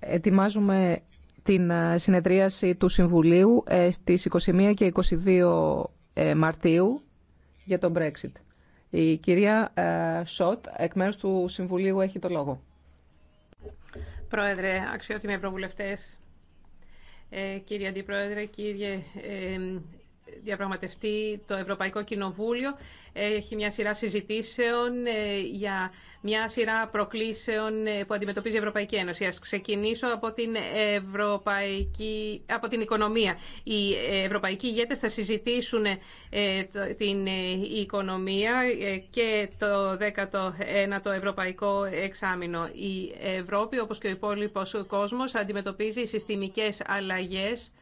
Ετοιμάζουμε την ε, συνεδρίαση του Συμβουλίου ε, στις 21 και 22 ε, Μαρτίου για τον Brexit. Η κυρία Σότ, εκ μέρους του Συμβουλίου, έχει το λόγο. Πρόεδρε, αξιότιμοι ευρωβουλευτές, κύριε Αντιπρόεδρε, κύριε διαπραγματευτεί το Ευρωπαϊκό Κοινοβούλιο. Έχει μια σειρά συζητήσεων ε, για μια σειρά προκλήσεων ε, που αντιμετωπίζει η Ευρωπαϊκή Ένωση. Ας ξεκινήσω από την, Ευρωπαϊκή, από την οικονομία. Οι ε, ευρωπαϊκοί ηγέτες θα συζητήσουν την οικονομία και το 19ο Ευρωπαϊκό Εξάμεινο. Η Ευρώπη, όπως και ο υπόλοιπος κόσμος, αντιμετωπίζει συστημικές αλλαγές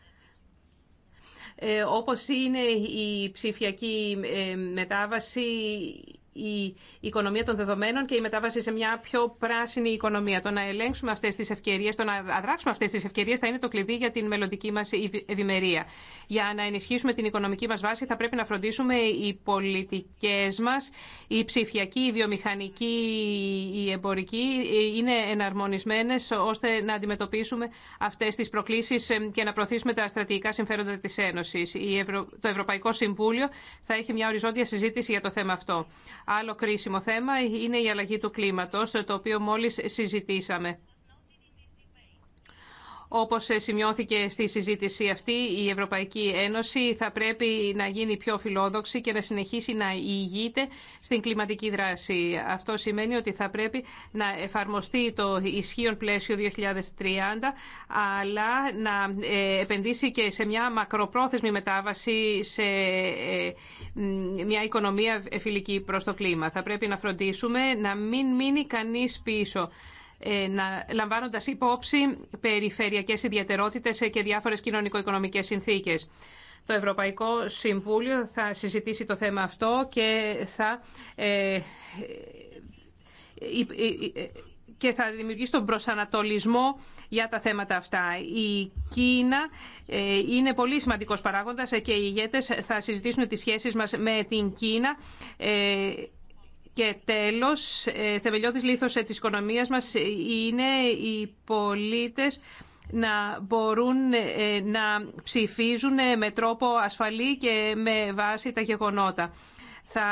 ε, όπως είναι η ψηφιακή ε, μετάβαση, η οικονομία των δεδομένων και η μετάβαση σε μια πιο πράσινη οικονομία. Το να ελέγξουμε αυτέ τι ευκαιρίε, το να αδράξουμε αυτέ τι ευκαιρίε, θα είναι το κλειδί για την μελλοντική μα ευημερία. Για να ενισχύσουμε την οικονομική μα βάση θα πρέπει να φροντίσουμε οι πολιτικέ μα. η ψηφιακή, η βιομηχανική, η εμπορική είναι εναρμονισμένε ώστε να αντιμετωπίσουμε αυτέ τι προκλήσει και να προωθήσουμε τα στρατηγικά συμφέροντα τη Ένωση. Το Ευρωπαϊκό Συμβούλιο θα έχει μια οριζόντια συζήτηση για το θέμα αυτό. Άλλο κρίσιμο θέμα είναι η αλλαγή του κλίματος, το οποίο μόλις συζητήσαμε. Όπως ε, σημειώθηκε στη συζήτηση αυτή, η Ευρωπαϊκή Ένωση θα πρέπει να γίνει πιο φιλόδοξη και να συνεχίσει να ηγείται στην κλιματική δράση. Αυτό σημαίνει ότι θα πρέπει να εφαρμοστεί το ισχύον πλαίσιο 2030, αλλά να ε, επενδύσει και σε μια μακροπρόθεσμη μετάβαση σε ε, μια οικονομία φιλική προς το κλίμα. Θα πρέπει να φροντίσουμε να μην μείνει κανείς πίσω. Ε, να, λαμβάνοντας υπόψη περιφερειακές ιδιαιτερότητες και διάφορες κοινωνικο-οικονομικές συνθήκες. Το Ευρωπαϊκό Συμβούλιο θα συζητήσει το θέμα αυτό και θα, ε, ε, και θα δημιουργήσει τον προσανατολισμό για τα θέματα αυτά. Η Κίνα είναι πολύ σημαντικός παράγοντας και οι ηγέτες θα συζητήσουν τις σχέσεις μας με την Κίνα και τέλος, ε, θεμελιώδης λίθος ε, της οικονομίας μας είναι οι πολίτες να μπορούν ε, να ψηφίζουν με τρόπο ασφαλή και με βάση τα γεγονότα. Θα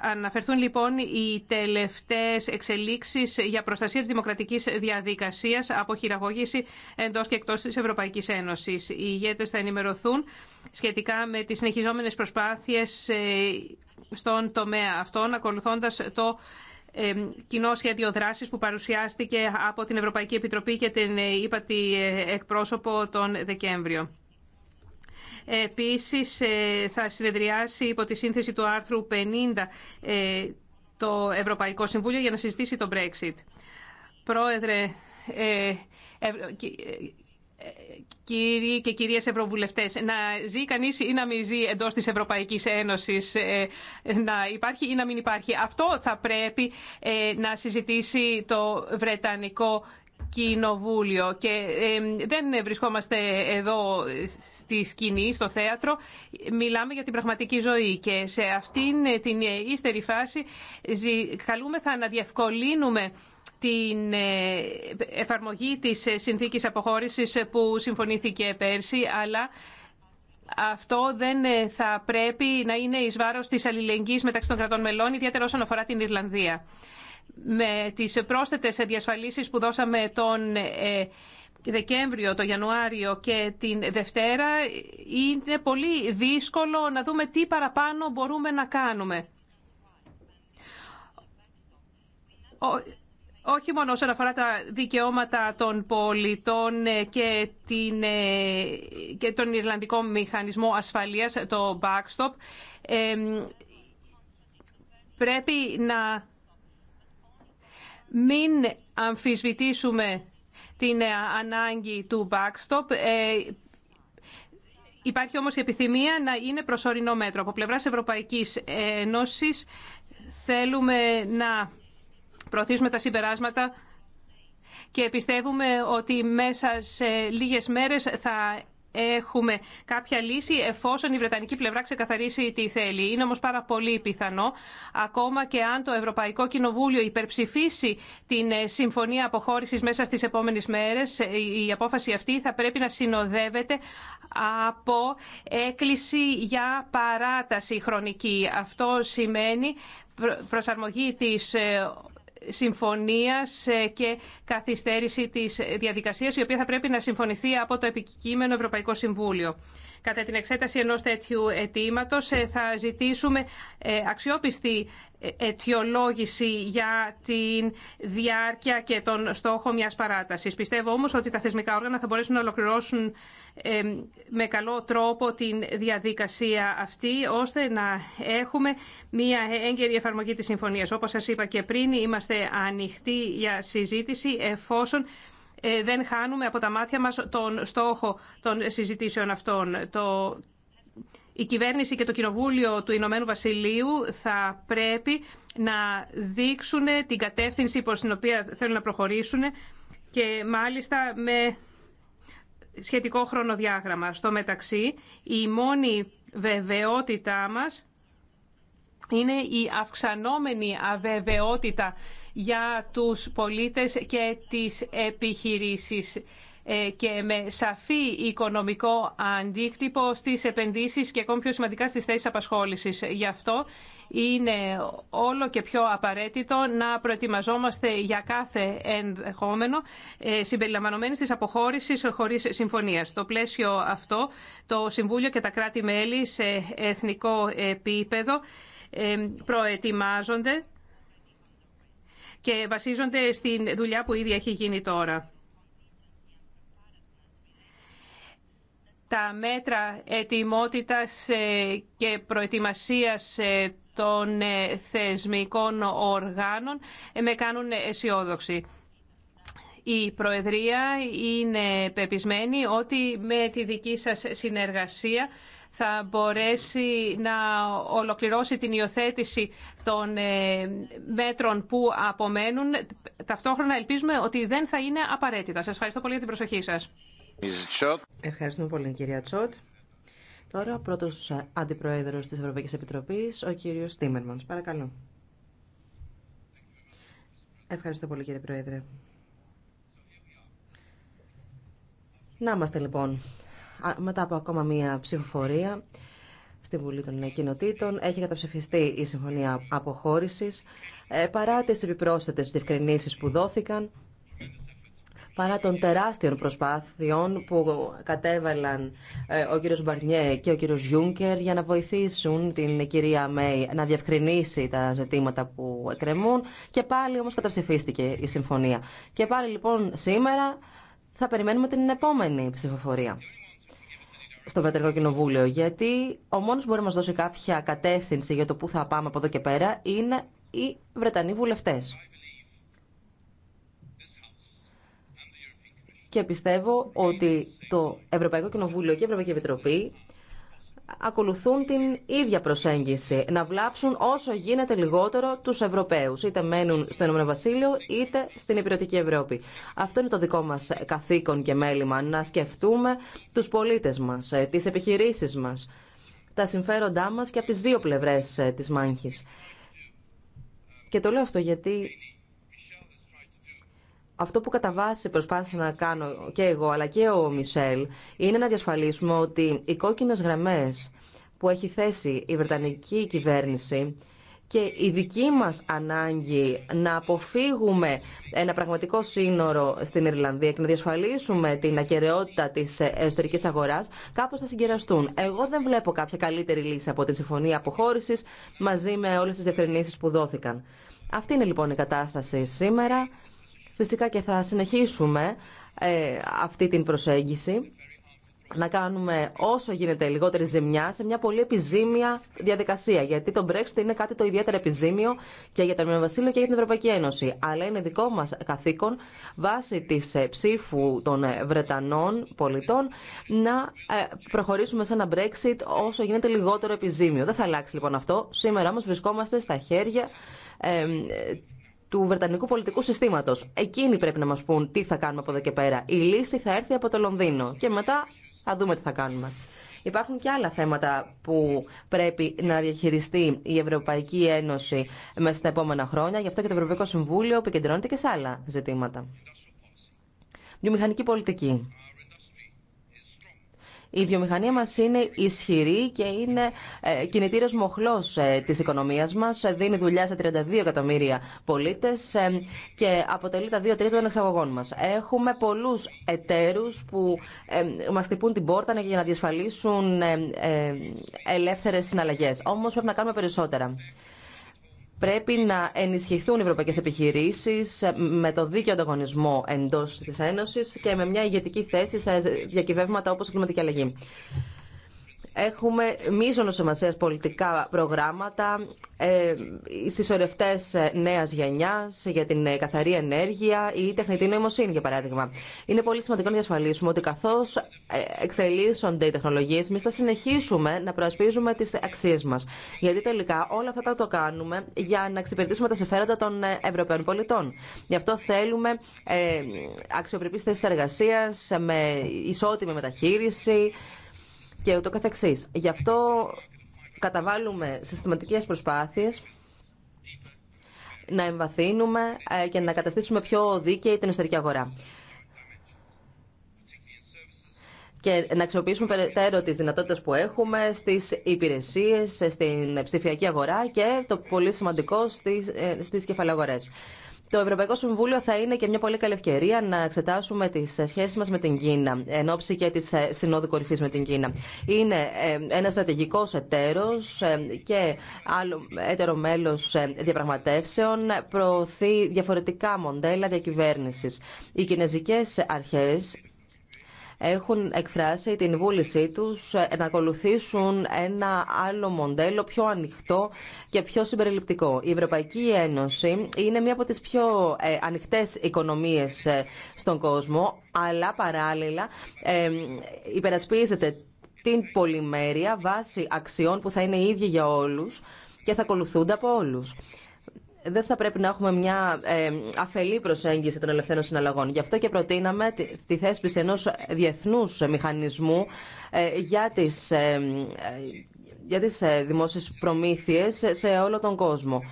αναφερθούν λοιπόν οι τελευταίες εξελίξεις για προστασία της δημοκρατικής διαδικασίας από χειραγώγηση εντός και εκτός της Ευρωπαϊκής Ένωσης. Οι ηγέτες θα ενημερωθούν σχετικά με τις συνεχιζόμενες προσπάθειες ε, στον τομέα αυτών, ακολουθώντας το ε, κοινό σχέδιο δράσης που παρουσιάστηκε από την Ευρωπαϊκή Επιτροπή και την ύπατη ε, εκπρόσωπο τον Δεκέμβριο. Επίσης ε, θα συνεδριάσει υπό τη σύνθεση του άρθρου 50 ε, το Ευρωπαϊκό Συμβούλιο για να συζητήσει το Brexit. Πρόεδρε, ε, κύριοι και κυρίες ευρωβουλευτές, να ζει κανείς ή να μην ζει εντός της Ευρωπαϊκής Ένωσης, να υπάρχει ή να μην υπάρχει. Αυτό θα πρέπει να συζητήσει το Βρετανικό κοινοβούλιο και δεν βρισκόμαστε εδώ στη σκηνή, στο θέατρο. Μιλάμε για την πραγματική ζωή και σε αυτήν την ύστερη φάση καλούμεθα να διευκολύνουμε την ε, εφαρμογή της συνθήκης αποχώρησης που συμφωνήθηκε πέρσι, αλλά αυτό δεν θα πρέπει να είναι εις βάρος της αλληλεγγύης μεταξύ των κρατών μελών, ιδιαίτερα όσον αφορά την Ιρλανδία με τις πρόσθετες διασφαλίσεις που δώσαμε τον ε, Δεκέμβριο, το Ιανουάριο και την Δευτέρα είναι πολύ δύσκολο να δούμε τι παραπάνω μπορούμε να κάνουμε. Όχι μόνο όσον αφορά τα δικαιώματα των πολιτών ε, και, ε, και τον Ιρλανδικό Μηχανισμό Ασφαλείας, το backstop, πρέπει να μην αμφισβητήσουμε την ε, ανάγκη του backstop. Ε, υπάρχει όμως η επιθυμία να είναι προσωρινό μέτρο. Από πλευράς Ευρωπαϊκής Ένωσης θέλουμε να προωθήσουμε τα συμπεράσματα και πιστεύουμε ότι μέσα σε λίγες μέρες θα έχουμε κάποια λύση εφόσον η Βρετανική πλευρά ξεκαθαρίσει τι θέλει. Είναι όμως πάρα πολύ πιθανό, ακόμα και αν το Ευρωπαϊκό Κοινοβούλιο υπερψηφίσει την ε, συμφωνία αποχώρησης μέσα στις επόμενες μέρες, ε, η απόφαση αυτή θα πρέπει να συνοδεύεται από έκκληση για παράταση χρονική. Αυτό σημαίνει προσαρμογή της ε, συμφωνίας ε, και καθυστέρηση της διαδικασίας, η οποία θα πρέπει να συμφωνηθεί από το επικείμενο Ευρωπαϊκό Συμβούλιο. Κατά την εξέταση ενός τέτοιου αιτήματο ε, θα ζητήσουμε ε, αξιόπιστη ε, αιτιολόγηση για την διάρκεια και τον στόχο μιας παράτασης. Πιστεύω όμως ότι τα θεσμικά όργανα θα μπορέσουν να ολοκληρώσουν με καλό τρόπο την διαδικασία αυτή, ώστε να έχουμε μια έγκαιρη εφαρμογή της συμφωνίας. Όπως σας είπα και πριν, είμαστε ανοιχτοί για συζήτηση εφόσον ε, δεν χάνουμε από τα μάτια μας τον στόχο των συζητήσεων αυτών. Το... Η κυβέρνηση και το Κοινοβούλιο του Ηνωμένου Βασιλείου θα πρέπει να δείξουν την κατεύθυνση προς την οποία θέλουν να προχωρήσουν και μάλιστα με σχετικό χρονοδιάγραμμα. Στο μεταξύ, η μόνη βεβαιότητά μας είναι η αυξανόμενη αβεβαιότητα για τους πολίτες και τις επιχειρήσεις ε, και με σαφή οικονομικό αντίκτυπο στις επενδύσεις και ακόμη πιο σημαντικά στις θέσεις απασχόλησης. Γι' αυτό είναι όλο και πιο απαραίτητο να προετοιμαζόμαστε για κάθε ενδεχόμενο ε, συμπεριλαμβανομένη της αποχώρησης χωρίς συμφωνία. Στο πλαίσιο αυτό, το Συμβούλιο και τα κράτη-μέλη σε εθνικό επίπεδο ε, προετοιμάζονται και βασίζονται στην δουλειά που ήδη έχει γίνει τώρα. Τα μέτρα ετοιμότητας ε, και προετοιμασίας ε, των ε, θεσμικών οργάνων με κάνουν αισιόδοξη. Η Προεδρία είναι πεπισμένη ότι με τη δική σας συνεργασία θα μπορέσει να ολοκληρώσει την υιοθέτηση των ε, μέτρων που απομένουν. Ταυτόχρονα ελπίζουμε ότι δεν θα είναι απαραίτητα. Σας ευχαριστώ πολύ για την προσοχή σας. Ευχαριστούμε πολύ κυρία Τσότ. Τώρα ο πρώτος αντιπρόεδρος της Ευρωπαϊκής Επιτροπής, ο κύριος Τίμερμανς. Παρακαλώ. Ευχαριστώ πολύ κύριε Πρόεδρε. Να είμαστε λοιπόν μετά από ακόμα μία ψηφοφορία στη Βουλή των Κοινοτήτων. Έχει καταψηφιστεί η Συμφωνία Αποχώρησης. Ε, παρά τις επιπρόσθετες διευκρινήσεις που δόθηκαν, παρά των τεράστιων προσπάθειων που κατέβαλαν ε, ο κύριος Μπαρνιέ και ο κύριος Γιούνκερ για να βοηθήσουν την κυρία Μέη να διευκρινίσει τα ζητήματα που εκκρεμούν και πάλι όμως καταψηφίστηκε η συμφωνία. Και πάλι λοιπόν σήμερα θα περιμένουμε την επόμενη ψηφοφορία στο Βρετανικό Κοινοβούλιο. Γιατί ο μόνος που μπορεί να μας δώσει κάποια κατεύθυνση για το πού θα πάμε από εδώ και πέρα είναι οι Βρετανοί βουλευτές. Και πιστεύω ότι το Ευρωπαϊκό Κοινοβούλιο και η Ευρωπαϊκή Επιτροπή ακολουθούν την ίδια προσέγγιση. Να βλάψουν όσο γίνεται λιγότερο του Ευρωπαίου. Είτε μένουν στο Ηνωμένο είτε στην Υπηρετική Ευρώπη. Αυτό είναι το δικό μα καθήκον και μέλημα. Να σκεφτούμε του πολίτε μα, ε, τι επιχειρήσει μα, τα συμφέροντά μα και από τι δύο πλευρέ ε, τη μάχη. Και το λέω αυτό γιατί αυτό που κατά βάση προσπάθησα να κάνω και εγώ αλλά και ο Μισελ είναι να διασφαλίσουμε ότι οι κόκκινες γραμμές που έχει θέσει η Βρετανική κυβέρνηση και η δική μας ανάγκη να αποφύγουμε ένα πραγματικό σύνορο στην Ιρλανδία και να διασφαλίσουμε την ακαιρεότητα της εσωτερικής αγοράς, κάπως θα συγκεραστούν. Εγώ δεν βλέπω κάποια καλύτερη λύση από τη συμφωνία αποχώρησης μαζί με όλες τις διευκρινήσεις που δόθηκαν. Αυτή είναι λοιπόν η κατάσταση σήμερα. Φυσικά και θα συνεχίσουμε ε, αυτή την προσέγγιση να κάνουμε όσο γίνεται λιγότερη ζημιά σε μια πολύ επιζήμια διαδικασία. Γιατί το Brexit είναι κάτι το ιδιαίτερα επιζήμιο και για το Ηνωμένο Βασίλειο και για την Ευρωπαϊκή Ένωση. Αλλά είναι δικό μα καθήκον, βάσει τη ε, ψήφου των ε, Βρετανών πολιτών, να προχωρήσουμε σε ένα Brexit όσο γίνεται λιγότερο επιζήμιο. Δεν θα αλλάξει λοιπόν αυτό. Σήμερα όμω βρισκόμαστε στα χέρια του Βρετανικού πολιτικού συστήματο. Εκείνοι πρέπει να μα πούν τι θα κάνουμε από εδώ και πέρα. Η λύση θα έρθει από το Λονδίνο και μετά θα δούμε τι θα κάνουμε. Υπάρχουν και άλλα θέματα που πρέπει να διαχειριστεί η Ευρωπαϊκή Ένωση μέσα στα επόμενα χρόνια. Γι' αυτό και το Ευρωπαϊκό Συμβούλιο επικεντρώνεται και σε άλλα ζητήματα. Βιομηχανική πολιτική. Η βιομηχανία μας είναι ισχυρή και είναι ε, κινητήριο μοχλός ε, της οικονομίας μας. Δίνει δουλειά σε 32 εκατομμύρια πολίτες ε, και αποτελεί τα δύο τρίτα των εξαγωγών μας. Έχουμε πολλούς εταίρους που μας χτυπούν την πόρτα για να διασφαλίσουν ελεύθερες συναλλαγές. Όμως πρέπει να κάνουμε περισσότερα. Πρέπει να ενισχυθούν οι ευρωπαϊκές επιχειρήσεις με το δίκαιο ανταγωνισμό εντός της Ένωσης και με μια ηγετική θέση σε διακυβεύματα όπως η κλιματική αλλαγή. Έχουμε μείζονο σημασία πολιτικά προγράμματα, ε, συσσωρευτέ ε, νέα γενιά για την ε, καθαρή ενέργεια ή τεχνητή νοημοσύνη, για παράδειγμα. Είναι πολύ σημαντικό να διασφαλίσουμε ότι καθώ ε, εξελίσσονται οι τεχνολογίε, εμεί θα συνεχίσουμε να προασπίζουμε τι αξίε μα. Γιατί τελικά όλα αυτά τα το κάνουμε για να εξυπηρετήσουμε τα συμφέροντα των Ευρωπαίων πολιτών. Γι' αυτό θέλουμε ε, αξιοπρεπεί εργασία με ισότιμη μεταχείριση, και ούτω καθεξής. Γι' αυτό καταβάλουμε συστηματικές προσπάθειες να εμβαθύνουμε ε, και να καταστήσουμε πιο δίκαιη την εσωτερική αγορά. Και να αξιοποιήσουμε περαιτέρω τις δυνατότητες που έχουμε στις υπηρεσίες, στην ψηφιακή αγορά και το πολύ σημαντικό στις, ε, στις κεφαλαγορές. Το Ευρωπαϊκό Συμβούλιο θα είναι και μια πολύ καλή ευκαιρία να εξετάσουμε τι σχέσει μα με την Κίνα, εν ώψη και τη ε, Συνόδου Κορυφή με την Κίνα. Είναι ε, ένα στρατηγικό εταίρο ε, και άλλο έτερο μέλο διαπραγματεύσεων. Προωθεί διαφορετικά μοντέλα διακυβέρνηση. Οι κινέζικε αρχέ έχουν εκφράσει την βούλησή τους ε, να ακολουθήσουν ένα άλλο μοντέλο πιο ανοιχτό και πιο συμπεριληπτικό. Η Ευρωπαϊκή Ένωση είναι μία από τις πιο ε, ανοιχτές οικονομίες ε, στον κόσμο, αλλά παράλληλα υπερασπίζεται την πολυμέρεια βάσει αξιών που θα είναι ίδια για όλους και θα ακολουθούνται από όλους δεν θα πρέπει να έχουμε μια ε, αφελή προσέγγιση των ελευθέρων συναλλαγών. Γι' αυτό και προτείναμε τη θέσπιση ενό διεθνούς μηχανισμού ε, για τις, ε, για τις δημόσιες προμήθειες σε όλο τον κόσμο.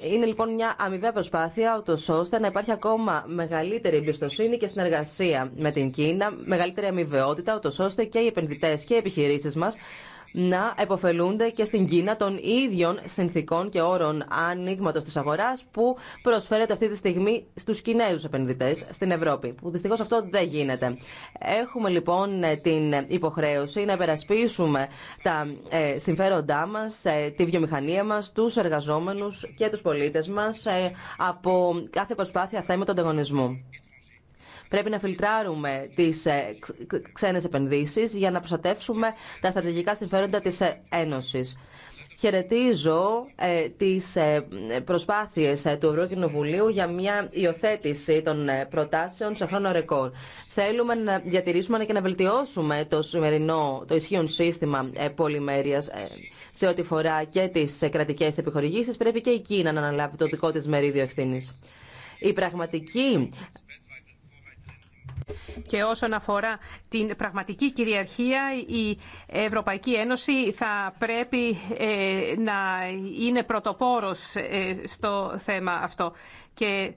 Είναι λοιπόν μια αμοιβαία προσπάθεια, ούτω ώστε να υπάρχει ακόμα μεγαλύτερη εμπιστοσύνη και συνεργασία με την Κίνα, μεγαλύτερη αμοιβαιότητα, ούτω ώστε και οι επενδυτέ και οι επιχειρήσει μα να επωφελούνται και στην Κίνα των ίδιων συνθήκων και όρων ανοίγματο τη αγορά που προσφέρεται αυτή τη στιγμή στου Κινέζου επενδυτέ στην Ευρώπη. Που δυστυχώ αυτό δεν γίνεται. Έχουμε λοιπόν την υποχρέωση να υπερασπίσουμε τα ε, συμφέροντά μα, ε, τη βιομηχανία μα, του εργαζόμενου και του πολίτε μα ε, από κάθε προσπάθεια του ανταγωνισμού. Πρέπει να φιλτράρουμε τι ε, ξένε επενδύσει για να προστατεύσουμε τα στρατηγικά συμφέροντα τη ε, Ένωση. Χαιρετίζω ε, τις ε, προσπάθειες ε, του Ευρωκοινοβουλίου για μια υιοθέτηση των προτάσεων σε χρόνο ρεκόρ. Θέλουμε να διατηρήσουμε και να βελτιώσουμε το σημερινό, το ισχύον σύστημα πολυμέρειας σε ό,τι φορά και τις κρατικές επιχορηγήσεις. Πρέπει και η Κίνα να αναλάβει το δικό της μερίδιο ευθύνης. Η πραγματική και όσον αφορά την πραγματική κυριαρχία, η Ευρωπαϊκή Ένωση θα πρέπει ε, να είναι πρωτοπόρος ε, στο θέμα αυτό. Και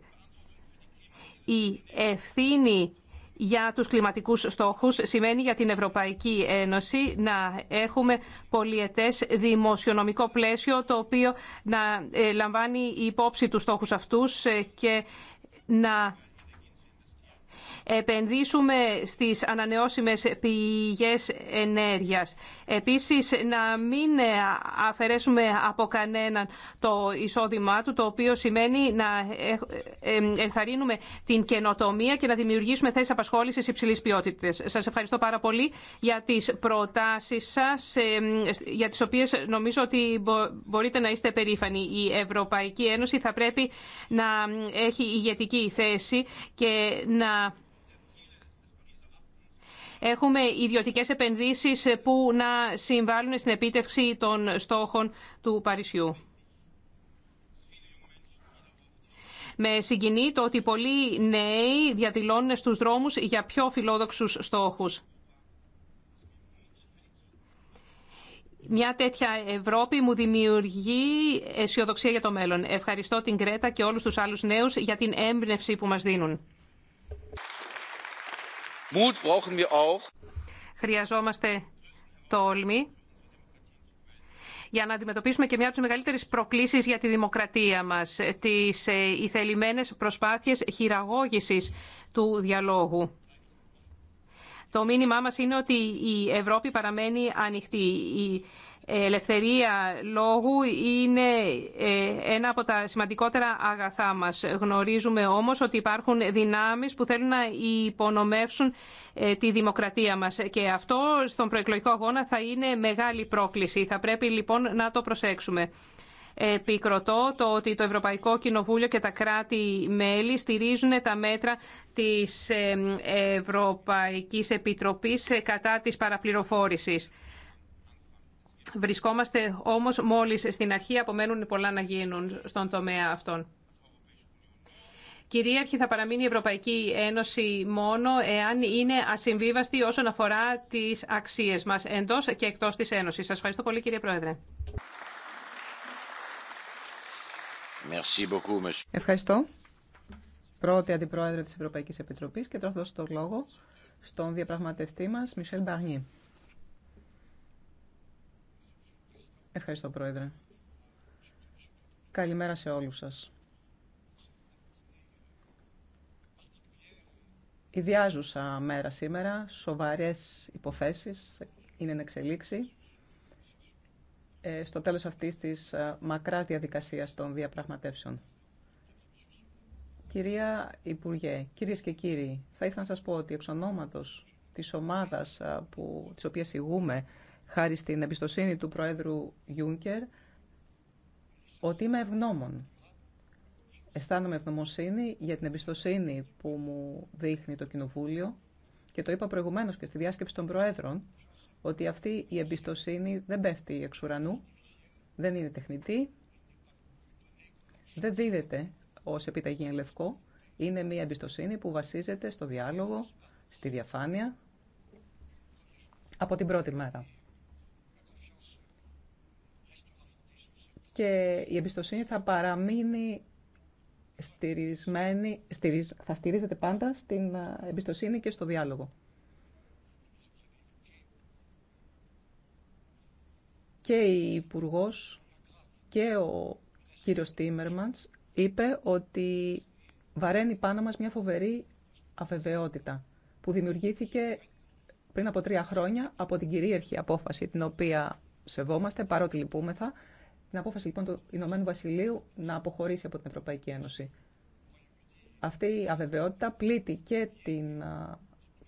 η ευθύνη για τους κλιματικούς στόχους σημαίνει για την Ευρωπαϊκή Ένωση να έχουμε πολιετές δημοσιονομικό πλαίσιο το οποίο να ε, λαμβάνει υπόψη τους στόχους αυτούς και να επενδύσουμε στις ανανεώσιμες πηγές ενέργειας. Επίσης, να μην αφαιρέσουμε από κανέναν το εισόδημά του, το οποίο σημαίνει να ε, ενθαρρύνουμε την καινοτομία και να δημιουργήσουμε θέσεις απασχόλησης υψηλής ποιότητας. Σας ευχαριστώ πάρα πολύ για τις προτάσεις σας, ε, για τις οποίες νομίζω ότι μπορείτε να είστε περήφανοι. Η Ευρωπαϊκή Ένωση θα πρέπει να έχει ηγετική θέση και να Έχουμε ιδιωτικές επενδύσεις που να συμβάλλουν στην επίτευξη των στόχων του Παρισιού. Με συγκινεί το ότι πολλοί νέοι διαδηλώνουν στους δρόμους για πιο φιλόδοξους στόχους. Μια τέτοια Ευρώπη μου δημιουργεί αισιοδοξία για το μέλλον. Ευχαριστώ την Κρέτα και όλους τους άλλους νέους για την έμπνευση που μας δίνουν. Χρειαζόμαστε τόλμη για να αντιμετωπίσουμε και μια από τις μεγαλύτερες προκλήσεις για τη δημοκρατία μας, τις ηθελημένες ε, προσπάθειες χειραγώγησης του διαλόγου. Το μήνυμά μας είναι ότι η Ευρώπη παραμένει ανοιχτή. Ε, ελευθερία λόγου είναι ε, ένα από τα σημαντικότερα αγαθά μας. Γνωρίζουμε όμως ότι υπάρχουν δυνάμεις που θέλουν να υπονομεύσουν ε, τη δημοκρατία μας και αυτό στον προεκλογικό αγώνα θα είναι μεγάλη πρόκληση. Θα πρέπει λοιπόν να το προσέξουμε. Επικροτώ το ότι το Ευρωπαϊκό Κοινοβούλιο και τα κράτη-μέλη στηρίζουν τα μέτρα της Ευρωπαϊκής Επιτροπής κατά της παραπληροφόρησης. Βρισκόμαστε όμως μόλις στην αρχή, απομένουν πολλά να γίνουν στον τομέα αυτόν. Κυρίαρχη θα παραμείνει η Ευρωπαϊκή Ένωση μόνο εάν είναι ασυμβίβαστη όσον αφορά τις αξίες μας εντός και εκτός της Ένωσης. Σας ευχαριστώ πολύ κύριε Πρόεδρε. Ευχαριστώ. Πρώτη Αντιπρόεδρε της Ευρωπαϊκής Επιτροπής και τώρα θα δώσω το λόγο στον διαπραγματευτή μας Μισελ Μπαρνιέ. Ευχαριστώ, Πρόεδρε. Καλημέρα σε όλους σας. Ιδιάζουσα μέρα σήμερα, σοβαρές υποθέσεις είναι να εξελίξει. στο τέλος αυτής της ε, μακράς διαδικασίας των διαπραγματεύσεων. Κυρία Υπουργέ, κυρίες και κύριοι, θα ήθελα να σας πω ότι εξ ονόματος της ομάδας ε, που, της οποίας ηγούμε χάρη στην εμπιστοσύνη του Προέδρου Γιούνκερ, ότι είμαι ευγνώμων. Αισθάνομαι ευγνωμοσύνη για την εμπιστοσύνη που μου δείχνει το Κοινοβούλιο και το είπα προηγουμένως και στη διάσκεψη των Προέδρων ότι αυτή η εμπιστοσύνη δεν πέφτει εξ ουρανού, δεν είναι τεχνητή, δεν δίδεται ως επιταγή εν λευκό. Είναι μια εμπιστοσύνη που βασίζεται στο διάλογο, στη διαφάνεια από την πρώτη μέρα. και η εμπιστοσύνη θα παραμείνει στηρισμένη, θα στηρίζεται πάντα στην ε, εμπιστοσύνη και στο διάλογο. Και η υπουργό και ο κύριος Τίμερμαντς είπε ότι βαραίνει πάνω μας μια φοβερή αβεβαιότητα που δημιουργήθηκε πριν από τρία χρόνια από την κυρίαρχη απόφαση την οποία σεβόμαστε παρότι λυπούμεθα την απόφαση λοιπόν του Ηνωμένου Βασιλείου να αποχωρήσει από την Ευρωπαϊκή Ένωση. Αυτή η αβεβαιότητα πλήττει και, την,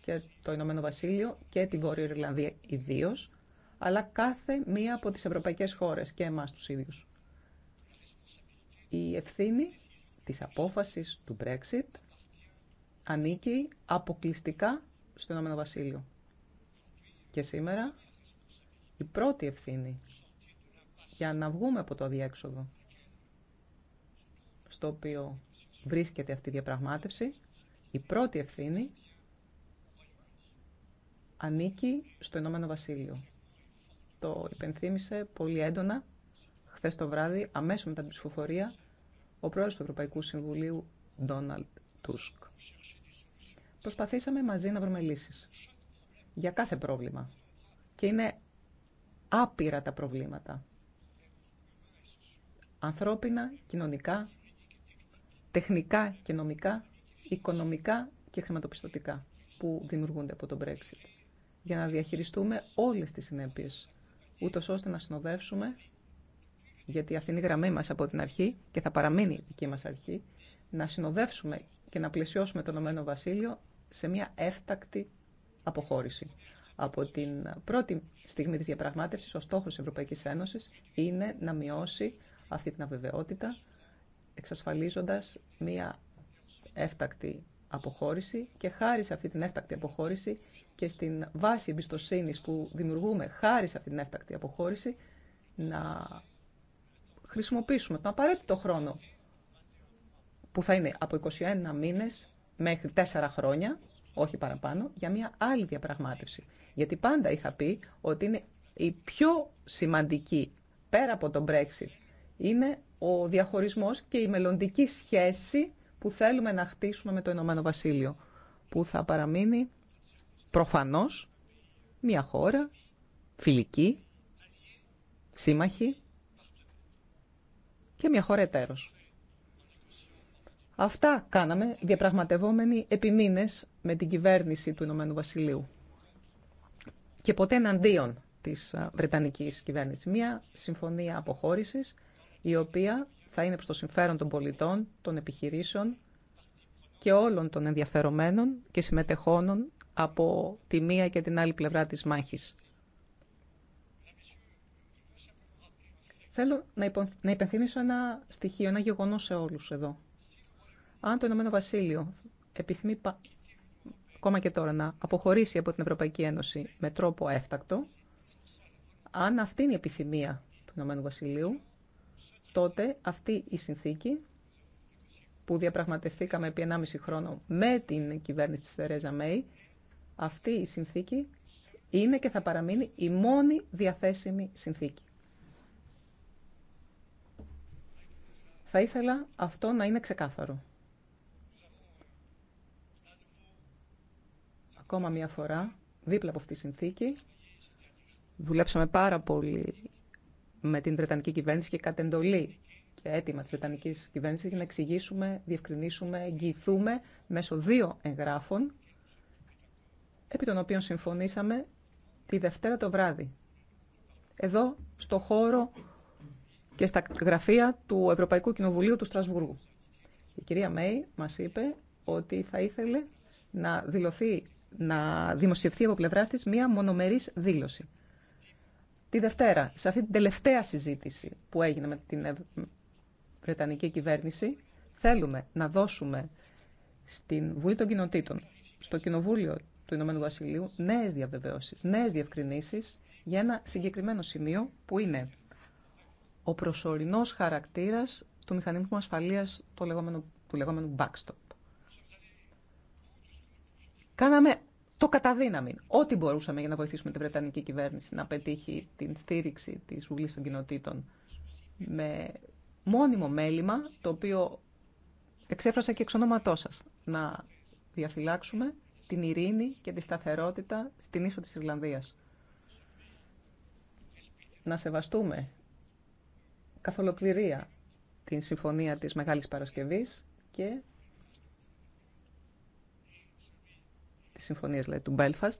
και το Ηνωμένο Βασίλειο και τη Βόρεια Ιρλανδία ιδίω, αλλά κάθε μία από τις ευρωπαϊκές χώρες και εμάς τους ίδιους. Η ευθύνη της απόφασης του Brexit ανήκει αποκλειστικά στο Ηνωμένο Βασίλειο. Και σήμερα η πρώτη ευθύνη για να βγούμε από το αδιέξοδο στο οποίο βρίσκεται αυτή η διαπραγμάτευση, η πρώτη ευθύνη ανήκει στο Ηνωμένο Βασίλειο. Το υπενθύμησε πολύ έντονα χθε το βράδυ, αμέσως μετά την ψηφοφορία, ο πρόεδρος του Ευρωπαϊκού Συμβουλίου, Ντόναλτ Τούσκ. Προσπαθήσαμε μαζί να βρούμε λύσεις για κάθε πρόβλημα. Και είναι άπειρα τα προβλήματα ανθρώπινα, κοινωνικά, τεχνικά και νομικά, οικονομικά και χρηματοπιστωτικά που δημιουργούνται από τον Brexit. Για να διαχειριστούμε όλες τις συνέπειες, ούτω ώστε να συνοδεύσουμε, γιατί αυτή είναι η γραμμή μας από την αρχή και θα παραμείνει η δική μας αρχή, να συνοδεύσουμε και να πλαισιώσουμε το Ηνωμένο Βασίλειο σε μια έφτακτη αποχώρηση. Από την πρώτη στιγμή της διαπραγμάτευσης, ο στόχος της Ευρωπαϊκής Ένωσης είναι να μειώσει αυτή την αβεβαιότητα, εξασφαλίζοντας μία έφτακτη αποχώρηση και χάρη σε αυτή την έφτακτη αποχώρηση και στην βάση εμπιστοσύνη που δημιουργούμε χάρη σε αυτή την έφτακτη αποχώρηση να χρησιμοποιήσουμε τον απαραίτητο χρόνο που θα είναι από 21 μήνες μέχρι 4 χρόνια, όχι παραπάνω, για μια άλλη διαπραγμάτευση. Γιατί πάντα είχα πει ότι είναι η πιο σημαντική, πέρα από τον Brexit είναι ο διαχωρισμός και η μελλοντική σχέση που θέλουμε να χτίσουμε με το Ηνωμένο Βασίλειο, που θα παραμείνει προφανώς μια χώρα φιλική, σύμμαχη και μια χώρα εταίρος. Αυτά κάναμε διαπραγματευόμενοι επί με την κυβέρνηση του Ηνωμένου Βασιλείου και ποτέ εναντίον της Βρετανικής κυβέρνησης. Μια συμφωνία αποχώρησης η οποία θα είναι προς το συμφέρον των πολιτών, των επιχειρήσεων και όλων των ενδιαφερομένων και συμμετεχόνων από τη μία και την άλλη πλευρά της μάχης. Θέλω να υπενθυμίσω ένα στοιχείο, ένα γεγονός σε όλους εδώ. Αν το Ηνωμένο Βασίλειο επιθυμεί ακόμα και τώρα να αποχωρήσει από την Ευρωπαϊκή Ένωση με τρόπο έφτακτο, αν αυτή είναι η επιθυμία του Ηνωμένου Βασιλείου, τότε αυτή η συνθήκη που διαπραγματευτήκαμε επί 1,5 χρόνο με την κυβέρνηση της Θερέζα Μέη, αυτή η συνθήκη είναι και θα παραμείνει η μόνη διαθέσιμη συνθήκη. Θα ήθελα αυτό να είναι ξεκάθαρο. Ακόμα μία φορά, δίπλα από αυτή τη συνθήκη, δουλέψαμε πάρα πολύ με την Βρετανική κυβέρνηση και κατ' εντολή και αίτημα τη βρετανική κυβέρνηση για να εξηγήσουμε, διευκρινίσουμε, εγγυηθούμε μέσω δύο εγγράφων επί των οποίων συμφωνήσαμε τη Δευτέρα το βράδυ. Εδώ, στο χώρο και στα γραφεία του Ευρωπαϊκού Κοινοβουλίου του Στρασβούργου. Η κυρία Μέη μας είπε ότι θα ήθελε να δηλωθεί, να δημοσιευθεί από πλευράς της μία μονομερής δήλωση. Τη Δευτέρα, σε αυτή την τελευταία συζήτηση που έγινε με την Βρετανική κυβέρνηση, θέλουμε να δώσουμε στην Βουλή των Κοινοτήτων, στο Κοινοβούλιο του Ηνωμένου Βασιλείου, νέε διαβεβαιώσει, νέε διευκρινήσει για ένα συγκεκριμένο σημείο που είναι ο προσωρινό χαρακτήρα του μηχανισμού ασφαλεία του λεγόμενου backstop. Κάναμε το καταδύναμη. Ό,τι μπορούσαμε για να βοηθήσουμε την Βρετανική κυβέρνηση να πετύχει την στήριξη τη Βουλή των Κοινοτήτων με μόνιμο μέλημα, το οποίο εξέφρασα και εξ ονόματό σα. Να διαφυλάξουμε την ειρήνη και τη σταθερότητα στην ίσο τη Ιρλανδία. Να σεβαστούμε καθ' ολοκληρία την συμφωνία της Μεγάλης Παρασκευής και της συμφωνίας δηλαδή, του Belfast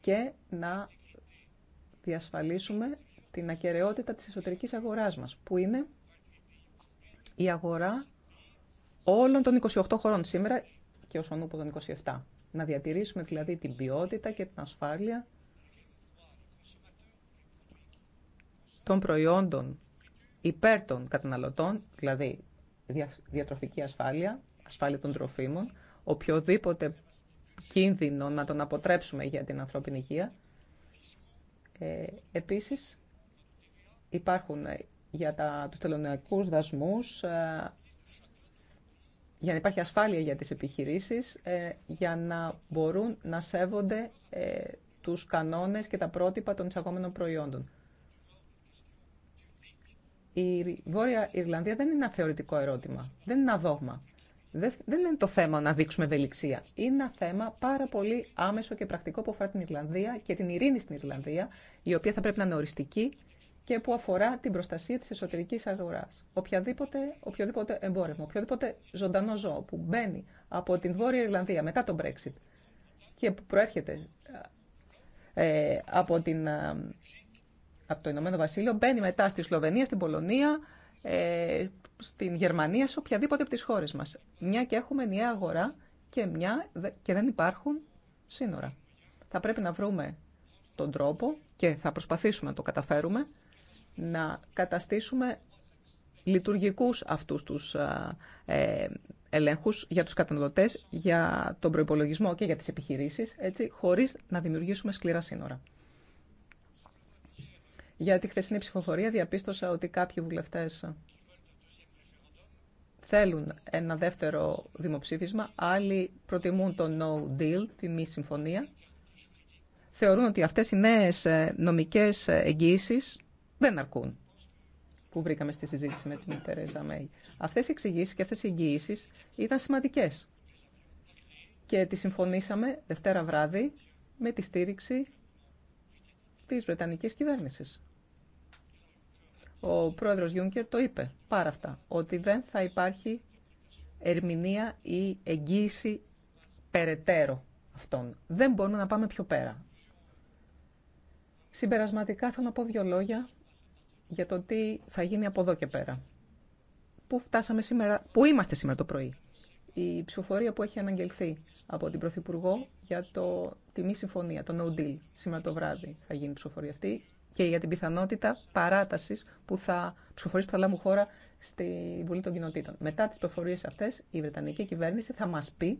και να διασφαλίσουμε την ακαιρεότητα της εσωτερικής αγοράς μας, που είναι η αγορά όλων των 28 χωρών σήμερα και όσον ούπο των 27. Να διατηρήσουμε δηλαδή την ποιότητα και την ασφάλεια των προϊόντων υπέρ των καταναλωτών, δηλαδή διατροφική ασφάλεια, ασφάλεια των τροφίμων, οποιοδήποτε κίνδυνο να τον αποτρέψουμε για την ανθρώπινη υγεία. Ε, επίσης, υπάρχουν για τα, τους τελωνιακούς δασμούς, ε, για να υπάρχει ασφάλεια για τις επιχειρήσεις, ε, για να μπορούν να σέβονται ε, τους κανόνες και τα πρότυπα των εισαγόμενων προϊόντων. Η Βόρεια Ιρλανδία δεν είναι ένα θεωρητικό ερώτημα, δεν είναι ένα δόγμα δεν είναι το θέμα να δείξουμε ευελιξία. Είναι ένα θέμα πάρα πολύ άμεσο και πρακτικό που αφορά την Ιρλανδία και την ειρήνη στην Ιρλανδία, η οποία θα πρέπει να είναι οριστική και που αφορά την προστασία τη εσωτερική αγορά. Οποιαδήποτε, οποιοδήποτε εμπόρευμα, οποιοδήποτε ζωντανό ζώο που μπαίνει από την Βόρεια Ιρλανδία μετά τον Brexit και που προέρχεται ε, ε από, την, ε, από το Ηνωμένο Βασίλειο, μπαίνει μετά στη Σλοβενία, στην Πολωνία, ε, στην Γερμανία, σε οποιαδήποτε από τις χώρες μας. Μια και έχουμε μια αγορά και, μια, και δεν υπάρχουν σύνορα. Θα πρέπει να βρούμε τον τρόπο και θα προσπαθήσουμε να το καταφέρουμε να καταστήσουμε λειτουργικούς αυτούς τους ε, ελέγχους για τους καταναλωτές, για τον προϋπολογισμό και για τις επιχειρήσεις, έτσι, χωρίς να δημιουργήσουμε σκληρά σύνορα. Για τη χθεσινή ψηφοφορία διαπίστωσα ότι κάποιοι βουλευτές θέλουν ένα δεύτερο δημοψήφισμα, άλλοι προτιμούν το no deal, τη μη συμφωνία. Θεωρούν ότι αυτές οι νέες ε, νομικές εγγύησεις δεν αρκούν που βρήκαμε στη συζήτηση με την Τερέζα Μέη. Αυτές οι εξηγήσει και αυτές οι εγγυήσει ήταν σημαντικές. Και τη συμφωνήσαμε Δευτέρα βράδυ με τη στήριξη της Βρετανικής κυβέρνησης. Ο πρόεδρος Γιούνκερ το είπε πάρα αυτά, ότι δεν θα υπάρχει ερμηνεία ή εγγύηση περαιτέρω αυτών. Δεν μπορούμε να πάμε πιο πέρα. Συμπερασματικά θα να πω δύο λόγια για το τι θα γίνει από εδώ και πέρα. Πού φτάσαμε σήμερα, πού είμαστε σήμερα το πρωί η ψηφοφορία που έχει αναγγελθεί από την Πρωθυπουργό για το, τη μη συμφωνία, το no deal. Σήμερα το βράδυ θα γίνει η ψηφοφορία αυτή και για την πιθανότητα παράταση που θα ψηφοφορήσει που θα λάβουν χώρα στη Βουλή των Κοινοτήτων. Μετά τι προφορίε αυτέ, η Βρετανική κυβέρνηση θα μα πει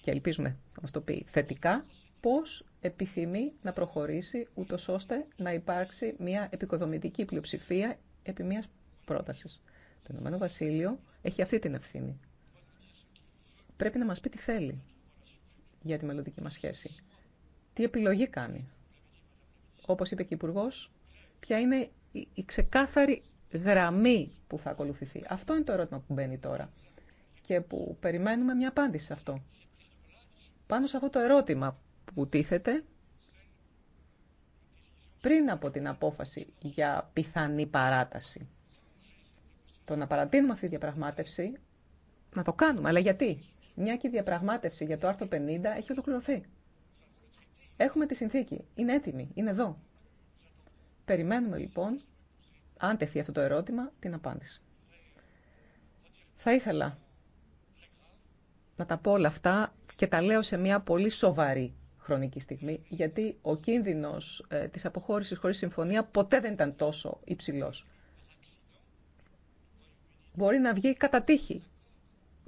και ελπίζουμε θα μα το πει θετικά πώς επιθυμεί να προχωρήσει ούτω ώστε να υπάρξει μια επικοδομητική πλειοψηφία επί μιας πρότασης. Το Ηνωμένο Βασίλειο έχει αυτή την ευθύνη πρέπει να μας πει τι θέλει για τη μελλοντική μας σχέση. Τι επιλογή κάνει. Όπως είπε και ο υπουργό, ποια είναι η ξεκάθαρη γραμμή που θα ακολουθηθεί. Αυτό είναι το ερώτημα που μπαίνει τώρα και που περιμένουμε μια απάντηση σε αυτό. Πάνω σε αυτό το ερώτημα που τίθεται, πριν από την απόφαση για πιθανή παράταση. Το να παρατείνουμε αυτή τη διαπραγμάτευση, να το κάνουμε. Αλλά γιατί μια και η διαπραγμάτευση για το άρθρο 50 έχει ολοκληρωθεί. Έχουμε τη συνθήκη. Είναι έτοιμη. Είναι εδώ. Περιμένουμε λοιπόν, αν τεθεί αυτό το ερώτημα, την απάντηση. Θα ήθελα να τα πω όλα αυτά και τα λέω σε μια πολύ σοβαρή χρονική στιγμή, γιατί ο κίνδυνος ε, της αποχώρησης χωρίς συμφωνία ποτέ δεν ήταν τόσο υψηλός. Μπορεί να βγει κατά τύχη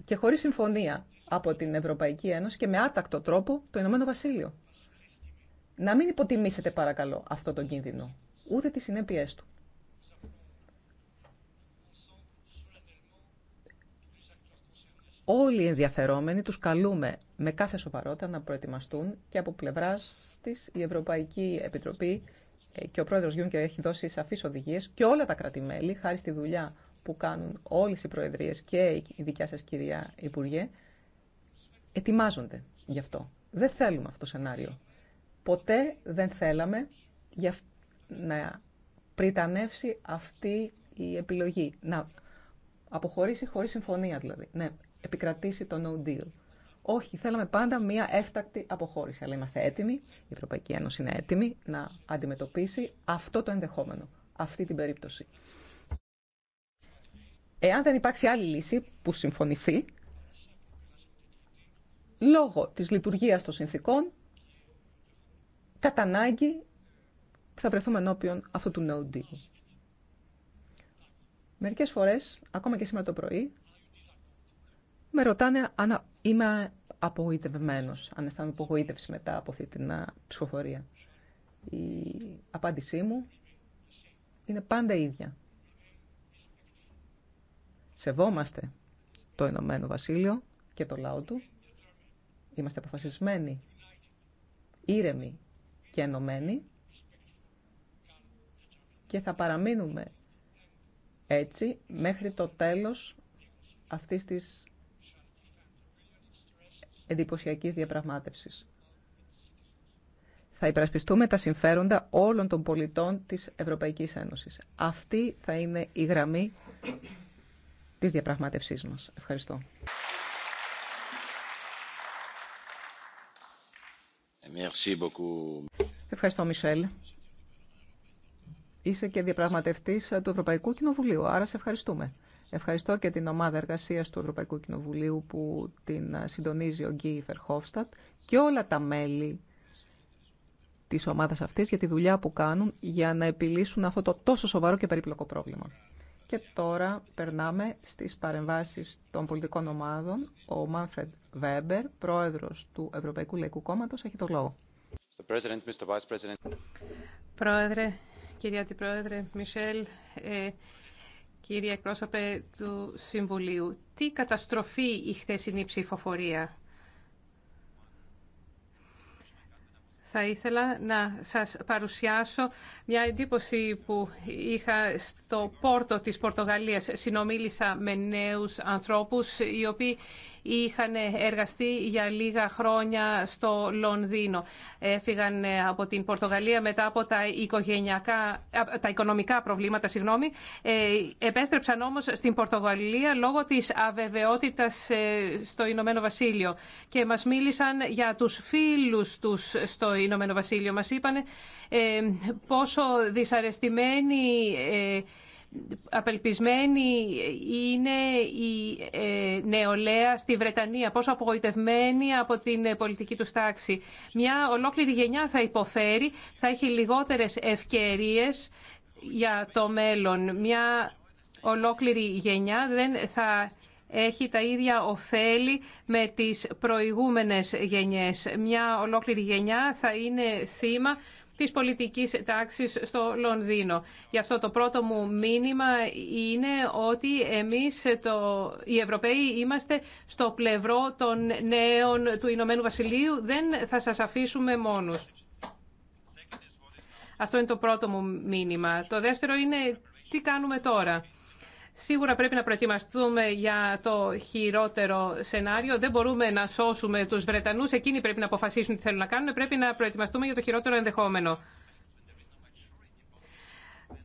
και χωρίς συμφωνία από την Ευρωπαϊκή Ένωση και με άτακτο τρόπο το Ηνωμένο Βασίλειο. Να μην υποτιμήσετε παρακαλώ αυτό τον κίνδυνο, ούτε τις συνέπειές του. Όλοι οι ενδιαφερόμενοι τους καλούμε με κάθε σοβαρότητα να προετοιμαστούν και από πλευράς της η Ευρωπαϊκή Επιτροπή ε, και ο πρόεδρος Γιούνκερ έχει δώσει σαφείς οδηγίες και όλα τα κρατημέλη, χάρη στη δουλειά που κάνουν όλες οι προεδρίες και η δικιά σας κυρία Υπουργέ, ετοιμάζονται γι' αυτό. Δεν θέλουμε αυτό το σενάριο. Ποτέ δεν θέλαμε για να πριτανεύσει αυτή η επιλογή. Να αποχωρήσει χωρίς συμφωνία δηλαδή. Ναι, επικρατήσει το no deal. Όχι, θέλαμε πάντα μία έφτακτη αποχώρηση. Αλλά είμαστε έτοιμοι, η Ευρωπαϊκή Ένωση είναι έτοιμη να αντιμετωπίσει αυτό το ενδεχόμενο, αυτή την περίπτωση. Εάν δεν υπάρξει άλλη λύση που συμφωνηθεί, λόγω της λειτουργίας των συνθήκων, κατά ανάγκη θα βρεθούμε ενώπιον αυτού του νέου deal. Μερικές φορές, ακόμα και σήμερα το πρωί, με ρωτάνε αν είμαι απογοητευμένος, αν αισθάνομαι απογοήτευση μετά από αυτή την ψηφοφορία. Η απάντησή μου είναι πάντα ίδια. Σεβόμαστε το Ηνωμένο Βασίλειο και το λαό του είμαστε αποφασισμένοι, ήρεμοι και ενωμένοι και θα παραμείνουμε έτσι μέχρι το τέλος αυτής της εντυπωσιακή διαπραγμάτευσης. Θα υπερασπιστούμε τα συμφέροντα όλων των πολιτών της Ευρωπαϊκής Ένωσης. Αυτή θα είναι η γραμμή της διαπραγμάτευσής μας. Ευχαριστώ. Ευχαριστώ, Μισελ. Είσαι και διαπραγματεύτη του Ευρωπαϊκού Κοινοβουλίου, άρα σε ευχαριστούμε. Ευχαριστώ και την ομάδα εργασίας του Ευρωπαϊκού Κοινοβουλίου που την συντονίζει ο Γκί Φερχόφστατ και όλα τα μέλη της ομάδας αυτής για τη δουλειά που κάνουν για να επιλύσουν αυτό το τόσο σοβαρό και περίπλοκο πρόβλημα. Και τώρα περνάμε στις παρεμβάσεις των πολιτικών ομάδων. Ο Μάνφρεντ Βέμπερ, πρόεδρος του Ευρωπαϊκού Λαϊκού Κόμματος, έχει το λόγο. Πρόεδρε, κυρία την Πρόεδρε, Μισελ, ε, κύριε εκπρόσωπε του Συμβουλίου, τι καταστροφή η χθεσινή ψηφοφορία. Θα ήθελα να σας παρουσιάσω μια εντύπωση που είχα στο πόρτο της Πορτογαλίας. Συνομίλησα με νέους ανθρώπους οι οποίοι είχαν εργαστεί για λίγα χρόνια στο Λονδίνο. Έφυγαν ε, από την Πορτογαλία μετά από τα, οικογενειακά, τα οικονομικά προβλήματα. Συγγνώμη. Ε, επέστρεψαν όμως στην Πορτογαλία λόγω της αβεβαιότητας ε, στο Ηνωμένο Βασίλειο και μας μίλησαν για τους φίλους τους στο Ηνωμένο Βασίλειο. Μας είπαν πόσο δυσαρεστημένοι απελπισμένη είναι η ε, νεολαία στη Βρετανία, πόσο απογοητευμένη από την πολιτική του τάξη. Μια ολόκληρη γενιά θα υποφέρει, θα έχει λιγότερες ευκαιρίες για το μέλλον. Μια ολόκληρη γενιά δεν θα έχει τα ίδια ωφέλη με τις προηγούμενες γενιές. Μια ολόκληρη γενιά θα είναι θύμα της πολιτικής τάξης στο Λονδίνο. Γι' αυτό το πρώτο μου μήνυμα είναι ότι εμείς το, οι Ευρωπαίοι είμαστε στο πλευρό των νέων του Ηνωμένου Βασιλείου. Δεν θα σας αφήσουμε μόνους. Αυτό είναι το πρώτο μου μήνυμα. Το δεύτερο είναι τι κάνουμε τώρα. Σίγουρα πρέπει να προετοιμαστούμε για το χειρότερο σενάριο. Δεν μπορούμε να σώσουμε τους Βρετανούς. Εκείνοι πρέπει να αποφασίσουν τι θέλουν να κάνουν. Πρέπει να προετοιμαστούμε για το χειρότερο ενδεχόμενο.